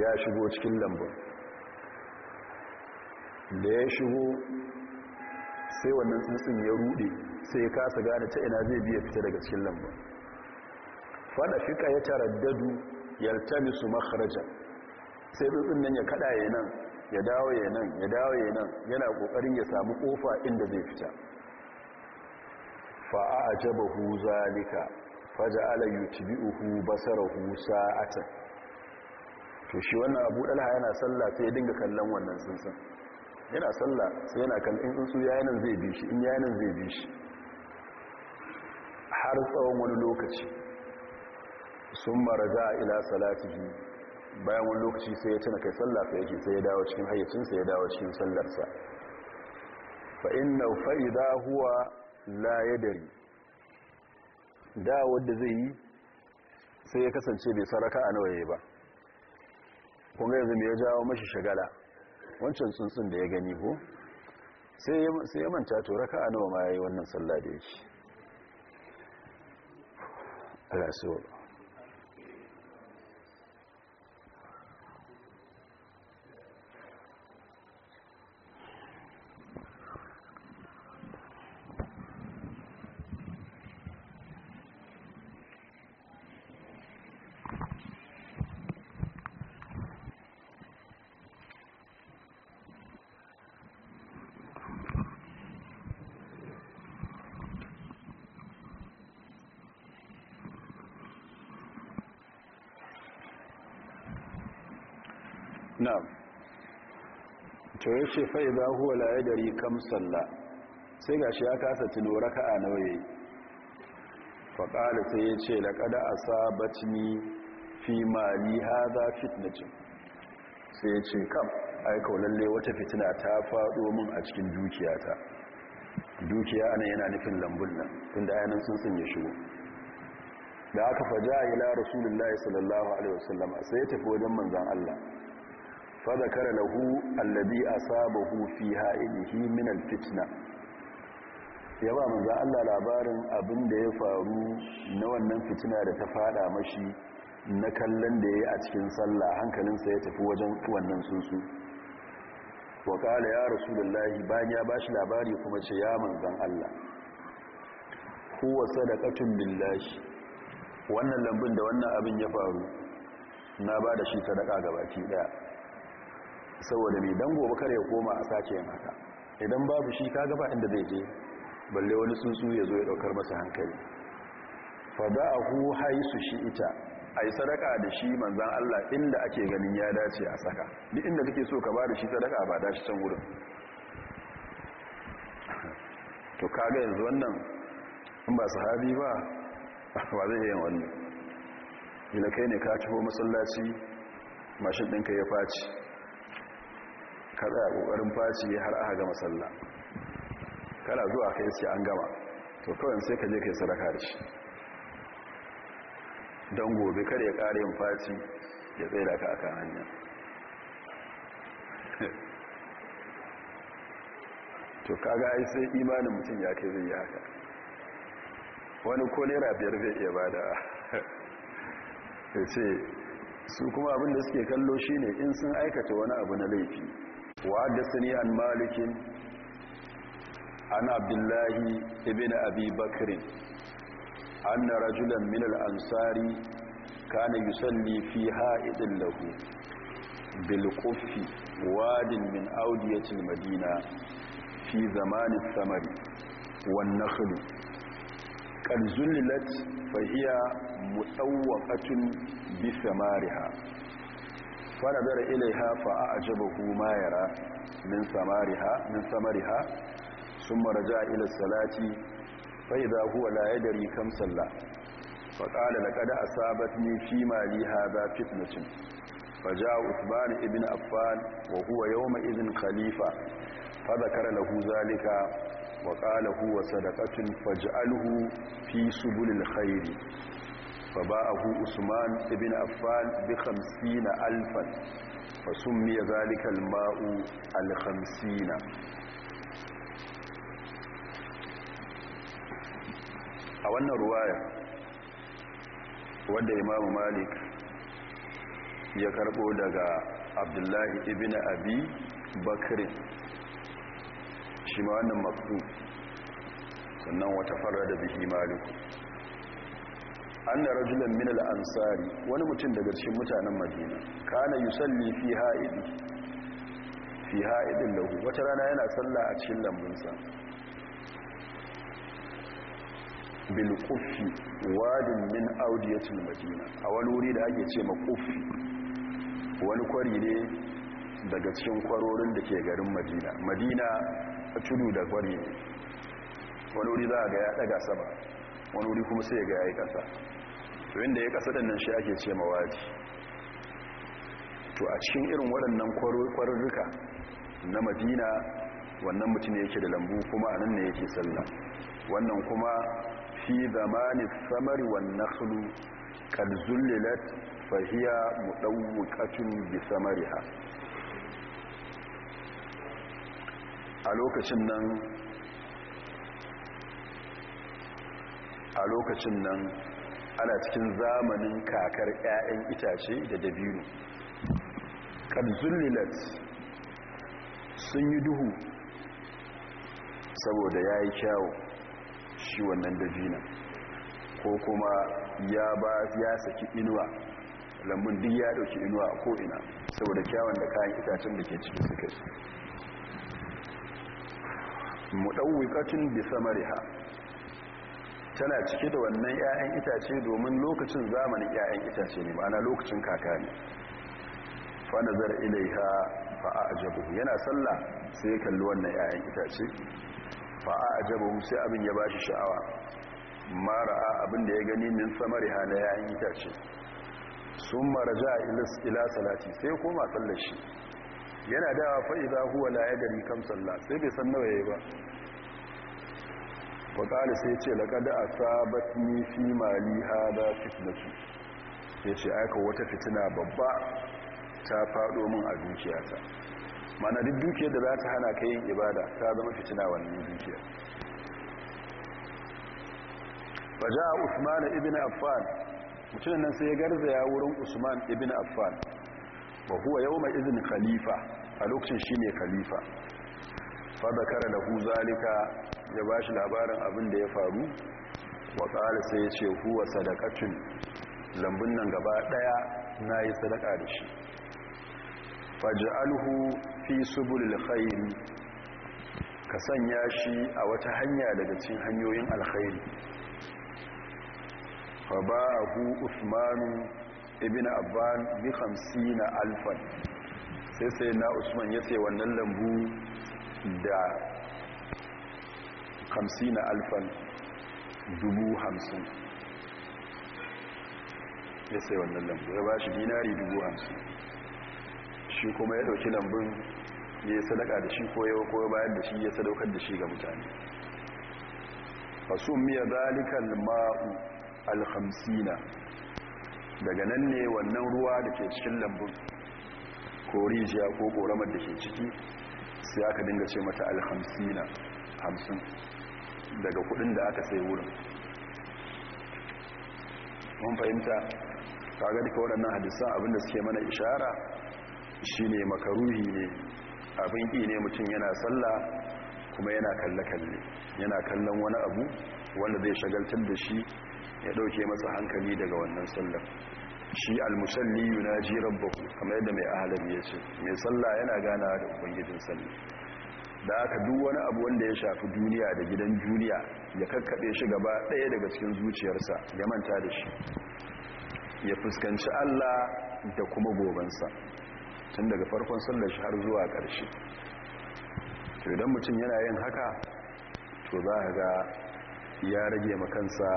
ya shigo cikin lambun da ya shigo sai wannan tsuntsun ya rude sai ya kasa gane ta ina zai biya fita daga cikin lambun fada fika ya taraddadu yaltamisu makharaja sai tsuntsun nan ya kada ya nan ya dawo ya nan ya dawo ya nan yana kokarin ya samu kofa inda zai fita fa ajabahu zalika faja'ala yutbi'uhu basarahu sa'atan to shi wannan abu dalha yana sallah sai ya dinga kallon wannan tsuntsun yana sallah sai yana kallon tsuntsu yayin nan zai bi shi in yayin nan zai bi shi har tsawon wani lokaci sun mara za a ila salatihi bayan wani lokaci sai ya tana kai sallah sai yake sai ya dawo cikin hayyacinsa ya dawo cikin sallarsa fa ina fa idha huwa la yadri da wanda zai yi sai ya kasance bai saraka a nawa yayi ba Kuma yanzu me ya jawo mashi shagala wancan tsuntsun da ya gani ko sai ya manta to raka a nawa ma ya yi wannan sallar da yake Allah ce fa idza huwa la yadri kam salla sai gashi ya kasa tuno raka'a nawa yayi fa qala sai ya ce laqad asabatni fi mali hadha fitnatun sai ya ce kam ai ko lalle wata fitina ta fado min a cikin dukiyata dukiya ana yana nufin lambun nan tunda ayanan sun sunye shigo da aka faja ila rasulullahi sallallahu alaihi wasallam sai ya tafi wajen manzon Allah fadakara lahu alladhi asabahu fi ha'ilihi min alfitna ya ba manzo Allah labarin abin da ya faru na wannan fitina da ta fada mashi na kallon da ya yi a cikin sallah hankalinsa ya tafi wajen wannan sunsu wa qala ya rasulullahi bayan ya bashi labari kuma ce ya manzon Allah huwa sadaqatun billahi wannan lambun da wannan abin ya faru na bada shi sadaka ga baki daya saboda mai dan gobe kare ya koma a sake yin haka idan babu shi ka gaba inda zai je balle wani tsuntsu ya zo ya daukar masa hankali fada a hu haisu shi ita a yi sadaka da shi manzan Allah inda ake ganin ya dace a saka duk inda kake so ka ba da shi sadaka ba da shi can wurin to kaga yanzu wannan in ba sahabi ba ba zai yin wannan yana kai ne ka tafi masallaci mashin ɗinka ya faci ka tsaya kokarin fashi har aka gama sallah kana zuwa kai sai an gama to kawai sai ka je kai sadaka da shi don gobe kar ya kare yin fashi ya tsaye da ka akan hanya to kaga ai sai imanin mutum ya kai zai yi haka wani ko naira biyar zai iya ba da ya ce su kuma abinda suke kallo shine in sun aikata wani abu na laifi وحدثني عن مالك عن عبد الله ابن أبي بكر أن رجلا من الأنصار كان يصلي في هائد له بالقف واد من أودية المدينة في زمان الثمر والنخل قد زللت فهي مطوقة بثمارها wani abirin ilaiha fa’a a jaba kuma yara min samariha min samariha sun maraja ila salati fai za kuwa layadari kan salla faƙada da ƙada a sabat ne fi maliha za fitnacin fa ja usman ibn affan wa huwa yawma idin khalifa fa zakara lahu zalika wa qala huwa sadaqatin faj'alhu fi subulil فباعه عثمان بن عفان بخمسين ألفا فسمي ذلك الماء الخمسين a wannan ruwaya wadda imamu malik ya karɓo daga abdullahi ibn abi bakirin shi ma maktu sannan wata farra da bihi anna rajulan min al-ansari wani mutum daga cikin mutanen madina kana yusalli fi ha'idi fi ha'idin lahu wata rana yana sallah a cikin lambunsa bil kufi wadin min audiyatul madina a wani wuri da ake ce ma kufi wani kwari ne daga cikin kwarorin da ke garin madina madina tudu da kwari ne wani wuri za a ga ya daga sama wani wuri kuma sai ya ga ya yi kasa to inda ya kasa dannan shi ake ce mawaji to a cikin irin waɗannan kwarurruka na madina wannan mutum yake da lambu kuma a nan ne yake sallah wannan kuma fi zamani samari wannan sulu kan zullilat fahiya mudawwaqatun bi samariha a lokacin nan a lokacin nan ana cikin zamanin kakar 'ya'yan itace da dabino ƙarzullilat sun yi duhu saboda ya yi kyawo shi wannan dabinan ko kuma ya ba ya saki inuwa lambun duk ya dauki inuwa a ko'ina saboda kyawun da kayan itacen da ke ciki suka yi muɗauwikacin ha. tana cike da wannan 'ya'yan itace domin lokacin zamanin 'ya'yan itace ne ma'ana lokacin kaka ne fa nazar ilaiha fa ajabu yana sallah sai kalli wannan 'ya'yan itace fa ajabu sai abin ya bashi sha'awa ra'a abin da ya gani min ha na 'ya'yan itace sun maraja ila salati sai koma sallar shi yana dawa fa'iza huwa la yadari kam sallah sai bai san nawa yayi ba fatali sai ce lakada a sabat ni fi mali hada fitnatu ya ce aika wata fitina babba ta faɗo min a dukiyata mana duk dukiyar da za ta hana ka yin ibada ta zama fitina wannan dukiyar a usman ibn affan mutum nan sai ya garzaya wurin usman ibn affan wa huwa mai izini khalifa a lokacin shi ne khalifa fa zakara hu zalika ya ba shi labarin abin da ya faru wakala sai ya ce huwa sadakacin lambun nan gaba daya na yi sadaka da shi faj'alhu fi subul alkhairi. ka sanya shi a wata hanya daga cikin hanyoyin alkhairi fa ba'ahu usman ibn abban bi alfan. sai sai na usman ya ce wannan lambu da hamsin alfan dubu hamsin ya sai wannan lambu ya ba shi dinari dubu hamsin shi kuma ya dauki lambun ya yi sadaka da shi koyo koyo bayan da shi ya sadaukar da shi ga mutane fasun miya zalikan ma'u alhamsina daga nan ne wannan ruwa da ke cikin lambun ko rijiya ko koramar da ke ciki sai aka dinga ce mata alhamsina hamsin daga kudin da aka sai wurin mun fahimta kaga duka waɗannan hadisan abinda suke mana ishara shine makaruhi ne abin ƙi ne mutum yana sallah kuma yana kalle-kalle yana kallon wani abu wanda zai shagaltar da shi ya ɗauke masa hankali daga wannan sallar shi almusalli jirar rabbahu kamar yadda mai ahalar ya ce mai sallah yana gana da ubangijin sallah da aka duk wani abu wanda ya shafi duniya da gidan duniya ya kakkaɓe shi gaba ɗaya daga cikin zuciyarsa ya manta da shi ya fuskanci Allah da kuma gobansa tun daga farkon sallar shi har zuwa ƙarshe to idan mutum yana yin haka to za a ga ya rage makansa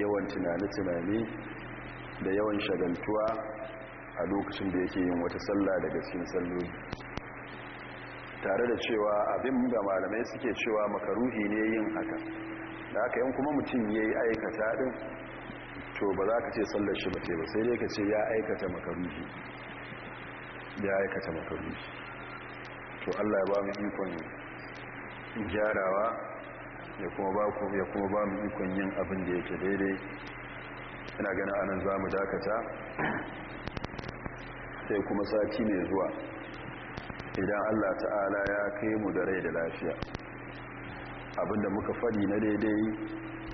yawan tunani-tunani da yawan shagantuwa a lokacin da yake yin wata sallah daga cikin salloli tare da cewa abin da malamai suke cewa makaruhi ne yin haka da aka yin kuma mutum ya yi aikata ɗin to ba za ka ce sallar shi ba ba sai dai ka ce ya aikata makaruhi ya aikata makaruhi to allah ya ba mu ikon gyarawa ya kuma ba mu ikon yin abin da yake daidai ina gani anan za mu dakata sai kuma sati mai zuwa idan allah ta'ala ya kai mu da rai da lafiya abinda muka faɗi na daidai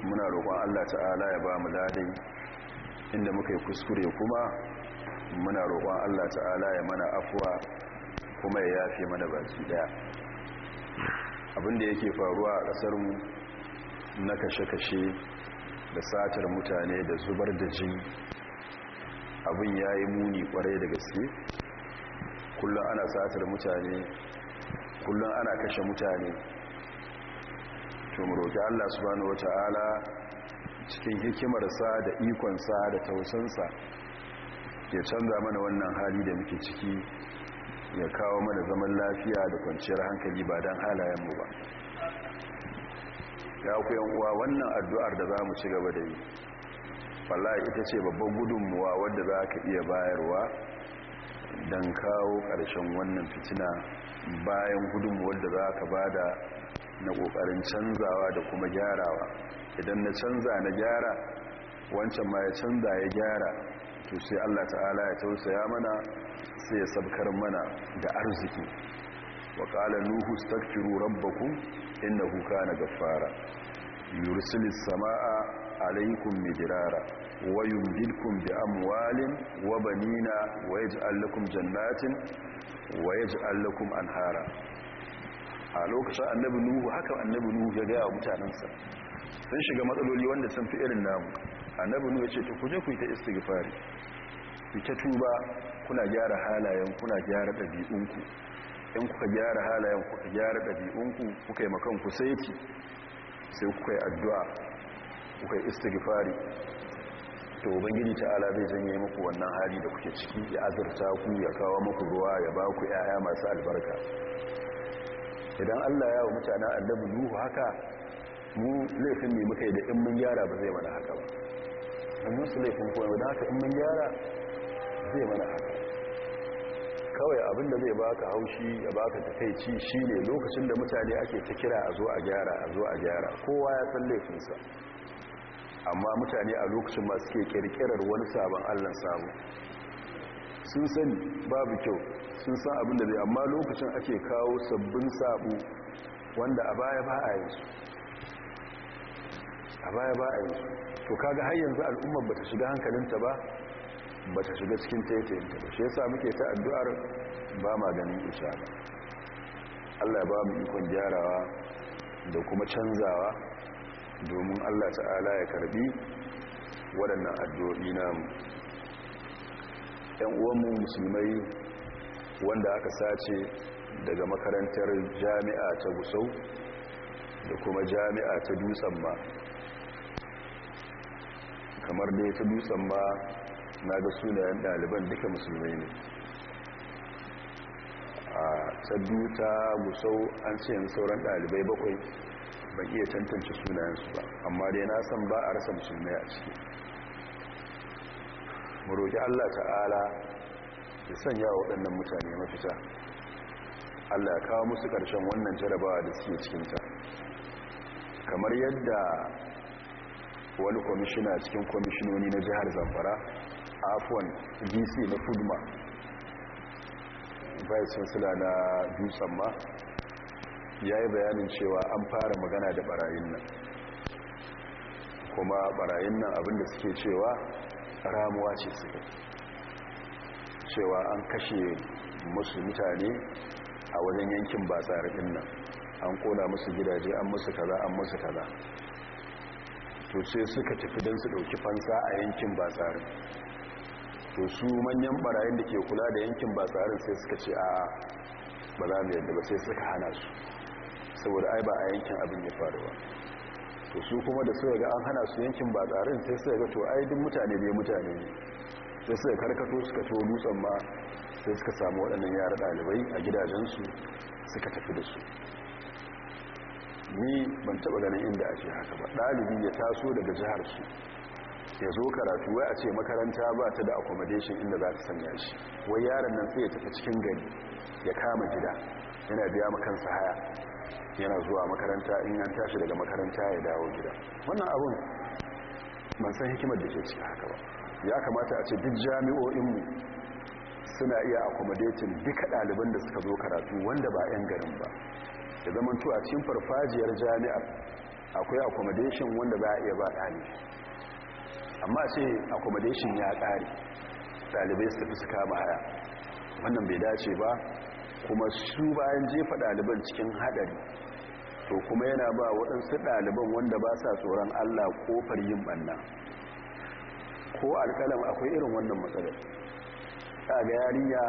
muna roƙon allah ta'ala ya ba mu ladai inda muka yi kuskure kuma muna roƙon allah ta'ala ya mana afuwa kuma ya yafe mana baki daya abinda yake faruwa a ƙasarmu na kashe-kashe da satar mutane da zubar da jini abin ya yi muni kwarai da gaske kullum ana satar mutane kullum ana kashe mutane to mu Allah subhanahu wata'ala cikin hikimarsa da ikonsa da tausansa ya canza mana wannan hali da muke ciki ya kawo mana zaman lafiya da kwanciyar hankali ba don halayenmu ba ya ku uwa wannan addu'ar da za mu ci gaba da yi falla ita ce babban gudunmuwa wadda za ka iya bayarwa don kawo ƙarshen wannan fitina bayan gudunmuwar da za ka bada na ƙoƙarin canzawa da kuma gyarawa idan na canza na gyara wancan ma ya canza ya gyara to sai allah ta'ala ya tausaya mana sai ya sabkar mana da arziki wa ƙala nuhu stakfiru rabbakum na kana gaffara yursilis sama'a alaikum mijrara wa yumdilkum bi amwalin wa banina wa yaj'al lakum jannatin wa yaj'al lakum anhara a lokacin annabi nuhu haka annabi nuhu ya ga mutanensa. sun shiga matsaloli wanda sun fi irin namu annabi nuhu ya ce to kuje ku yi ta istighfari ku ta tuba kuna gyara halayen kuna gyara ɗabi'unku in kuka gyara halayen kuka gyara ɗabi'unku kuka yi makanku saiti sai kuka yi addu'a kuka yi istighfari to ubangiji ta'ala zai janye muku wannan hali da kuke ciki ya azurta ku ya kawo muku ruwa ya ba ku yaya masu albarka idan Allah ya wa mutane annabi Nuhu haka mu laifin ne muka yi da in mun gyara ba zai mana haka ba in musu laifin ko idan haka in mun gyara zai mana haka kawai abin da zai baka haushi ya baka takeici shine lokacin da mutane ake ta kira a zo a gyara a zo a gyara kowa ya san laifinsa amma mutane a lokacin masu ke kirkirar wani sabon allon samu sun sani babu kyau sun san abin da zai amma lokacin ake kawo sabbin sabo wanda a baya ba a yi su a baya ba a yi su to kaga har yanzu al'ummar ba ta shiga hankalinta ba ba ta shiga cikin taitayinta ba shi yasa muke ta addu'ar ba ma ganin isha Allah ya ba mu ikon gyarawa da kuma canzawa domin Allah ta'ala ya karbi waɗannan addu'o'i namu ‘yan uwanmu musulmai wanda aka sace daga makarantar jami'a ta gusau da kuma jami'a ta dutsen ma kamar da ya ta dutsen ma na ga sunayen ɗaliban duka musulmai ne a ta duta gusau an ce sauran ɗalibai bakwai ban iya tantance sunayensu ba amma dai na san ba a rasa musulmai a ciki mu roƙi allah ta'ala ya sanya waɗannan mutane mafita allah ya kawo musu ƙarshen wannan jarabawa da suke cikinta kamar yadda wani kwamishina cikin kwamishinoni na jihar zamfara afon dc na fudma sun sila na dusan ma ya yi bayanin cewa an fara magana da barayin nan kuma barayin nan abinda suke cewa ramuwa ce suke cewa an kashe musu mutane a wajen yankin ba tsarafin nan an kona musu gidaje an musu kaza an musu kaza to sai suka tafi don su ɗauki fansa a yankin ba tsarin to su manyan barayin da ke kula da yankin ba tsarin sai suka ce a ba za mu yadda ba sai suka hana su saboda ai ba a yankin abin ya faru ba to su kuma da suka ga an hana su yankin ba tsarin sai suka ga to ai duk mutane ne mutane ne sai suka karkato suka to dutsen ma sai suka samu waɗannan yara ɗalibai a gidajen su suka tafi da su ni ban taɓa ganin inda ake haka ba ɗalibi ya taso daga jihar su ya zo karatu wai a ce makaranta ba ta da accommodation inda za ta sanya shi wai yaron nan sai ya tafi cikin gari ya kama gida yana biya makansa haya yana zuwa makaranta in an tashi daga makaranta ya dawo gida wannan abun ban san hikimar da ke cika haka ba ya kamata a ce duk jami'o'inmu suna iya akwamadetin duka ɗaliban da suka zo karatu wanda ba 'yan garin ba da zaman a cikin farfajiyar jami'ar akwai akwamadeshin wanda ba iya ba ɗani amma ce akwamadeshin ya ƙari ɗalibai su fi su kama haya wannan bai dace ba kuma su bayan jefa ɗaliban cikin haɗari to kuma yana ba waɗansu ɗaliban wanda ba sa tsoron allah ƙofar yin ɓanna ko alƙalam akwai irin wannan matsalar ta ga yarinya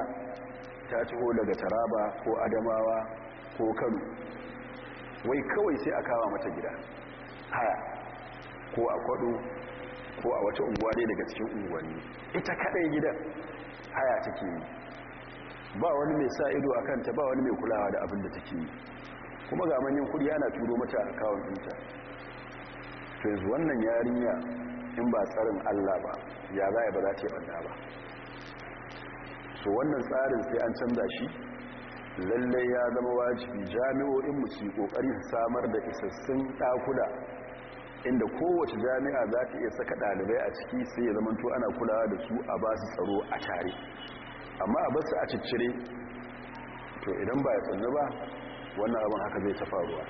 ta ciho daga taraba ko adamawa ko kano wai kawai sai a kawo mata gida haya ko a kwado ko a wata unguwa ne daga cikin unguwanni ita kaɗai gidan haya take yi ba wani mai sa ido a kanta ba wani mai kulawa da abin da take yi kuma ga manyan kudi yana turo mata a kawon dinta to yanzu wannan yarinya in ba tsarin allah ba ya za ba za ta yi banna ba so wannan tsarin sai an canza shi lalle ya zama wajibi jami'o'in mu su kokari samar da isassun ɗakuna inda kowace jami'a za ta iya saka ɗalibai a ciki sai ya zamanto ana kulawa da su a ba su tsaro a tare amma a basu a ciccire to idan ba ya tsanzu ba wannan abin haka zai ta faruwa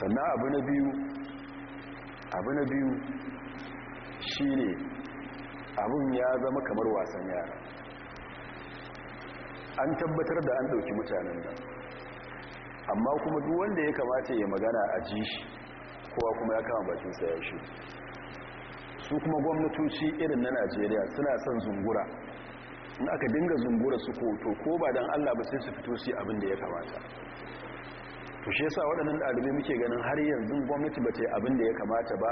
sannan abu na biyu abu na biyu shi ne abin ya zama kamar wasan yara an tabbatar da an ɗauki mutanen nan amma kuma duk wanda ya kamata ya magana a ji shi kowa kuma ya kama bakin ya shi su kuma gwamnatoci irin na najeriya suna son zungura in aka dinga zungura su ko to ko ba don allah ba sai su fito su abin da ya kamata to shi yasa waɗannan ɗalibai muke ganin har yanzu gwamnati ba ta yi abin da ya kamata ba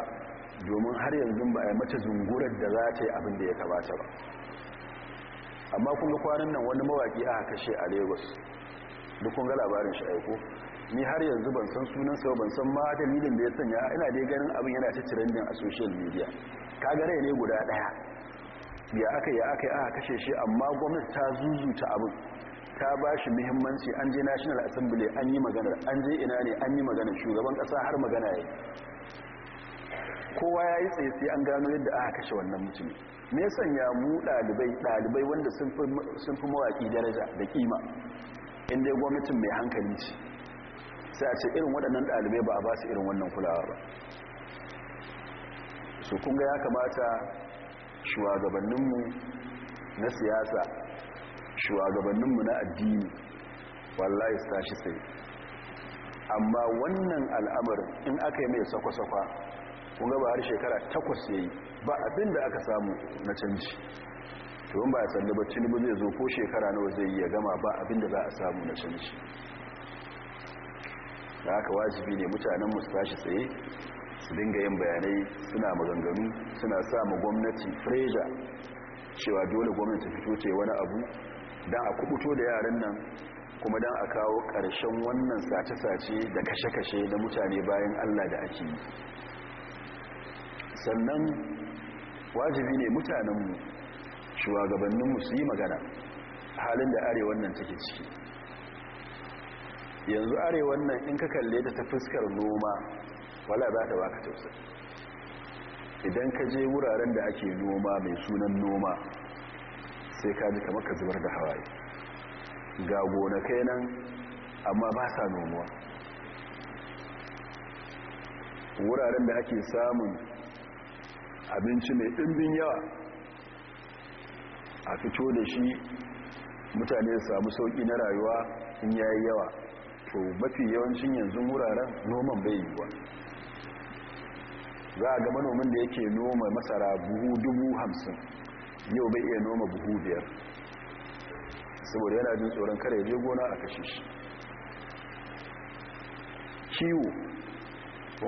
domin har yanzu ba a yi mata zungurar da za ta yi abin da ya kamata ba amma kun ga kwanan nan wani mawaƙi aka kashe a lagos duk kun ga labarin shi aiko ni har yanzu ban san sunan sa ban san ma dalilin da ya sanya ina dai ganin abin yana ta trending a social media kaga rai ne guda daya ya aka ya aka aka kashe shi amma gwamnati ta zuzuta abin ta ba shi muhimmanci an je national assembly an yi magana an je ina ne an yi magana shugaban kasa har magana ya kowa ya yi tsaye sai an gano yadda aka kashe wannan mutum me sanya mu ɗalibai ɗalibai wanda sun fi mawaƙi daraja da kima inda gwamnatin mai hankali ce sai a ce irin waɗannan ɗalibai ba a ba su irin wannan kulawa ba su kunga ya kamata shugabanninmu na siyasa shugabanninmu na addini wallahi su tashi sai amma wannan al'amarin in aka yi mai sakwa-sakwa kun gaba har shekara takwas yayi ba abin da aka samu na canji tuwon ba a sanda ba tinubu zai zo ko shekara nawa zai yi ya gama ba abin da za a samu na canji da aka wajibi ne mutanen mu su tashi tsaye su dinga yin bayanai suna maganganu suna sa ma gwamnati freja cewa dole gwamnati fito ce wani abu don a kubuto da yaran nan kuma don a kawo ƙarshen wannan sace-sace da kashe-kashe da mutane bayan allah da ake yi sannan wajibi ne mutanenmu shugabanninmu su yi magana halin da arewan nan take ciki yanzu arewan nan in ka kalle ta ta fuskar noma wala za ta baka tausayi idan ka je wuraren da ake noma mai sunan noma sai ka ji kamar ka zubar da hawaye ga gonakai nan amma ba sa nomuwa wuraren da ake samun abinci mai ɗimbin yawa a fito da shi mutane samu sauƙi na rayuwa in yayi yawa to mafi yawancin yanzu wuraren noman bai yiwuwa za a ga manomin da yake noma masara buhu dubu hamsin yau bai iya noma buhu biyar saboda yana jin tsoron kare je gona a kashe shi kiwo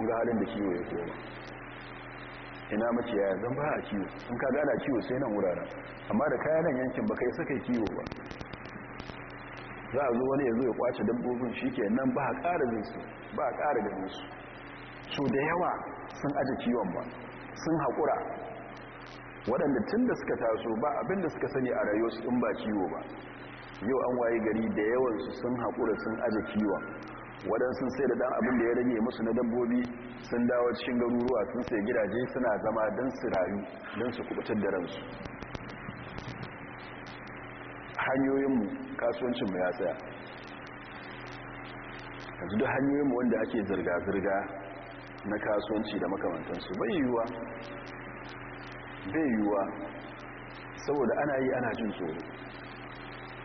ga halin da kiwo ya koma ina mace ya zan ba a kiwo in ka gana kiwo sai nan wurare, amma da kayanan yankin ba kai saka kiwo ba za a zo wani ya zo ya kwace dabbobin shi ke nan ba a ƙara jinsu ba a ƙara ganinsu so da yawa sun aji kiwon ba sun haƙura waɗanda tun da suka taso ba abin suka sani a rayuwarsu in ba kiwo ba yau an waye gari da yawansu sun haƙura sun aji kiwon waɗansu sai da ɗan abinda ya rage musu na dabbobi sun dawo cikin garuruwa sun sai gidaje suna zama don su rayu don su kubutar da ransu hanyoyinmu kasuwancinmu ya tsaya yanzu da hanyoyinmu wanda ake zirga-zirga na kasuwanci da makamantansu bai yiwuwa bai yiwuwa saboda ana yi ana jin tsoro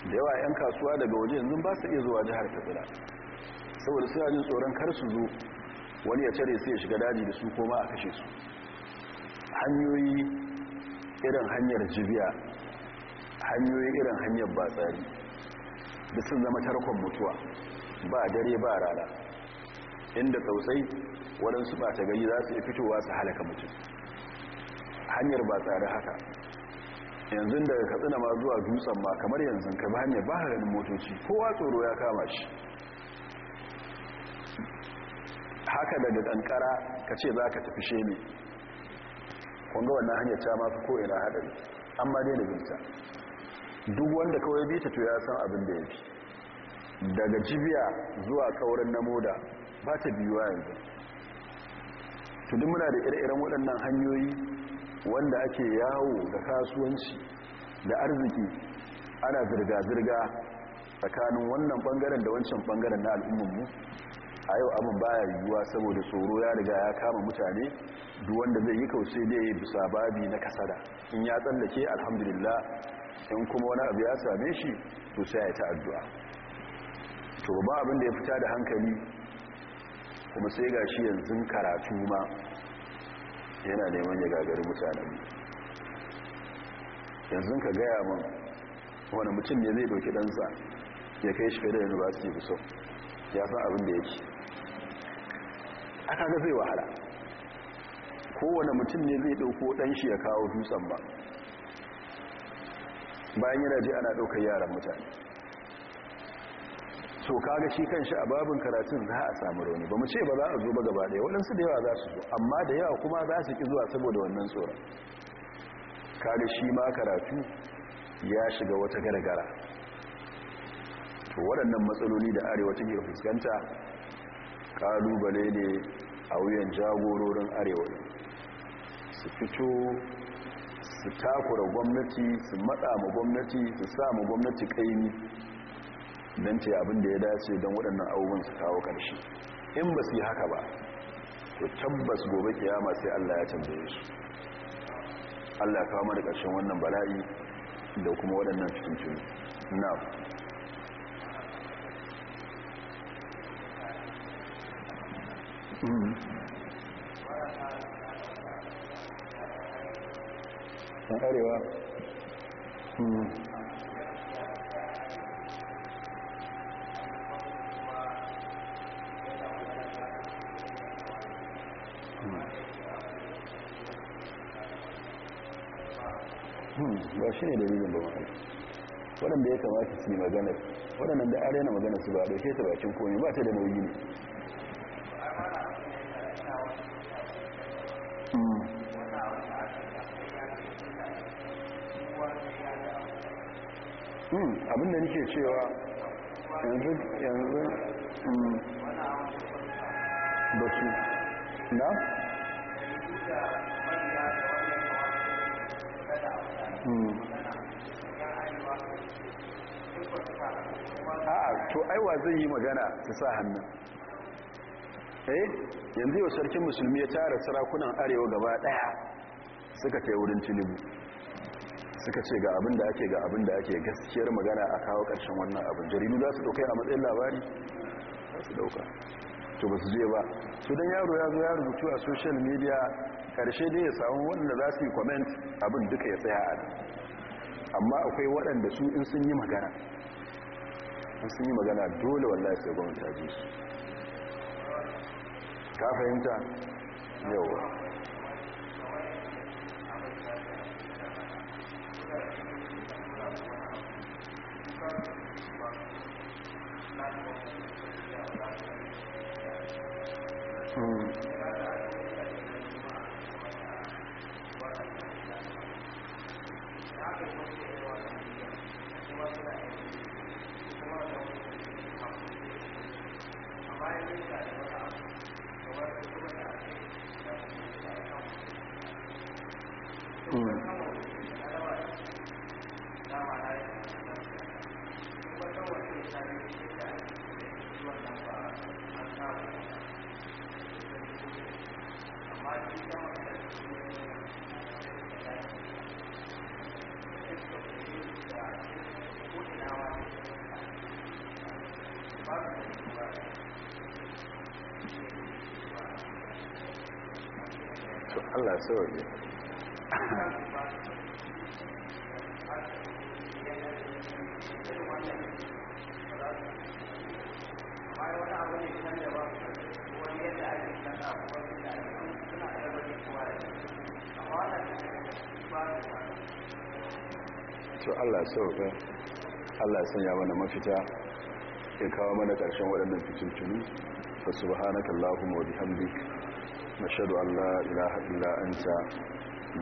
da yawa 'yan kasuwa daga waje yanzu ba su iya zuwa jihar katsina saboda suna jin tsoron kar su zo wani ya cire sai ya shiga daji da su koma a kashe su hanyoyi irin hanyar jibiya hanyoyi irin hanyar batsari da sun zama tarkon mutuwa ba dare ba rana inda tausai waɗansu ba ta gari za su yi fitowa su halaka mutum hanyar ba tsari haka yanzu daga katsina ma zuwa dutsen ma kamar yanzu ka ba hanyar ba ganin motoci kowa tsoro ya kama shi haka daga kankara ka ce za ka tafi shemi ƙunga wannan hanyar ta mafi ko'ina haɗari amma dai da binta duk wanda kawai bita to ya san abin da ya fi daga jibiya zuwa kaurin na moda ba ta biyuwa yanzu to muna da ire-iren waɗannan hanyoyi wanda ake yawo da kasuwanci da arziki ana zirga-zirga tsakanin wannan ɓangaren da wancan ɓangaren na al'ummanmu a yau abin baya yiwuwa saboda tsoro ya riga ya kama mutane duk wanda zai yi kauce da ya bisa babi na kasada in ya tsallake alhamdulillah in kuma wani abu ya same shi to sai ya ta addu'a to ba abin da ya fita da hankali kuma sai ga shi yanzu karatu ma yana neman ya gagari mutane yanzu ka gaya man wani mutum ne zai doki ɗansa ya kai shi federal university buso ya san abin da ya yake aka ga zai wahala kowane mutum ne zai ɗauko ɗanshi ya kawo dutsen ba bayan yana ji ana ɗaukar yaran mutane to kaga shi kanshi a babin karatun za a samu rauni ba mu ce ba za a zo ba gaba ɗaya waɗansu da yawa za su zo amma da yawa kuma za su ki zuwa saboda wannan tsoron kaga shi ma karatu ya shiga wata gargara to waɗannan matsaloli da arewa take fuskanta kalubale ne a wuyan jagororin arewa su fito su takura gwamnati su matsa ma gwamnati su sa ma gwamnati kaimi don ce abin da ya dace don waɗannan abubuwan su kawo ƙarshe in ba su yi haka ba to tabbas gobe kiyama sai Allah ya canza su Allah kawo mana ƙarshen wannan bala'i da kuma waɗannan cikin na Mm-hmm. wannan shi ne dalilin ban wahala waɗanda ya kamata su yi maganar waɗannan da an raina maganar su ba ɗauke ta bakin komi ba ta da nauyi ne hmm. hmm. abinda nike cewa yanzu yanzu hmm. ba su na? a'a to aiwa zai yi magana ta sa hannun eh yanzu yau sarkin musulmi ya tara sarakunan arewa gaba daya suka ce wurin tilibu suka ce ga abin da ake ga abin da ake gaskiyar magana a kawo ƙarshen wannan abin jaridu za su ɗaukai a matsayin labari za su ɗauka to ba su je ba su don yaro ya zo ya rubutu a social media karshe dai ya samu wanda za su yi comment abin duka ya tsaya a amma akwai waɗanda su in sun yi magana in sun yi magana dole wallahi sai gwamnati ta ji su ka fahimta yawa Thank you. sanya mana mafita ya kawo mana ƙarshen waɗannan fitintunu fa subhanaka allahumma wa bihamdik nashhadu an la ilaha illa anta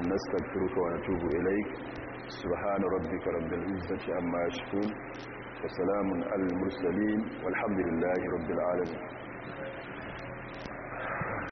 nastaghfiruka wa natubu ilayk subhana rabbika rabbil izzati amma yasifun wa salamun alal mursalin walhamdulillahi rabbil alamin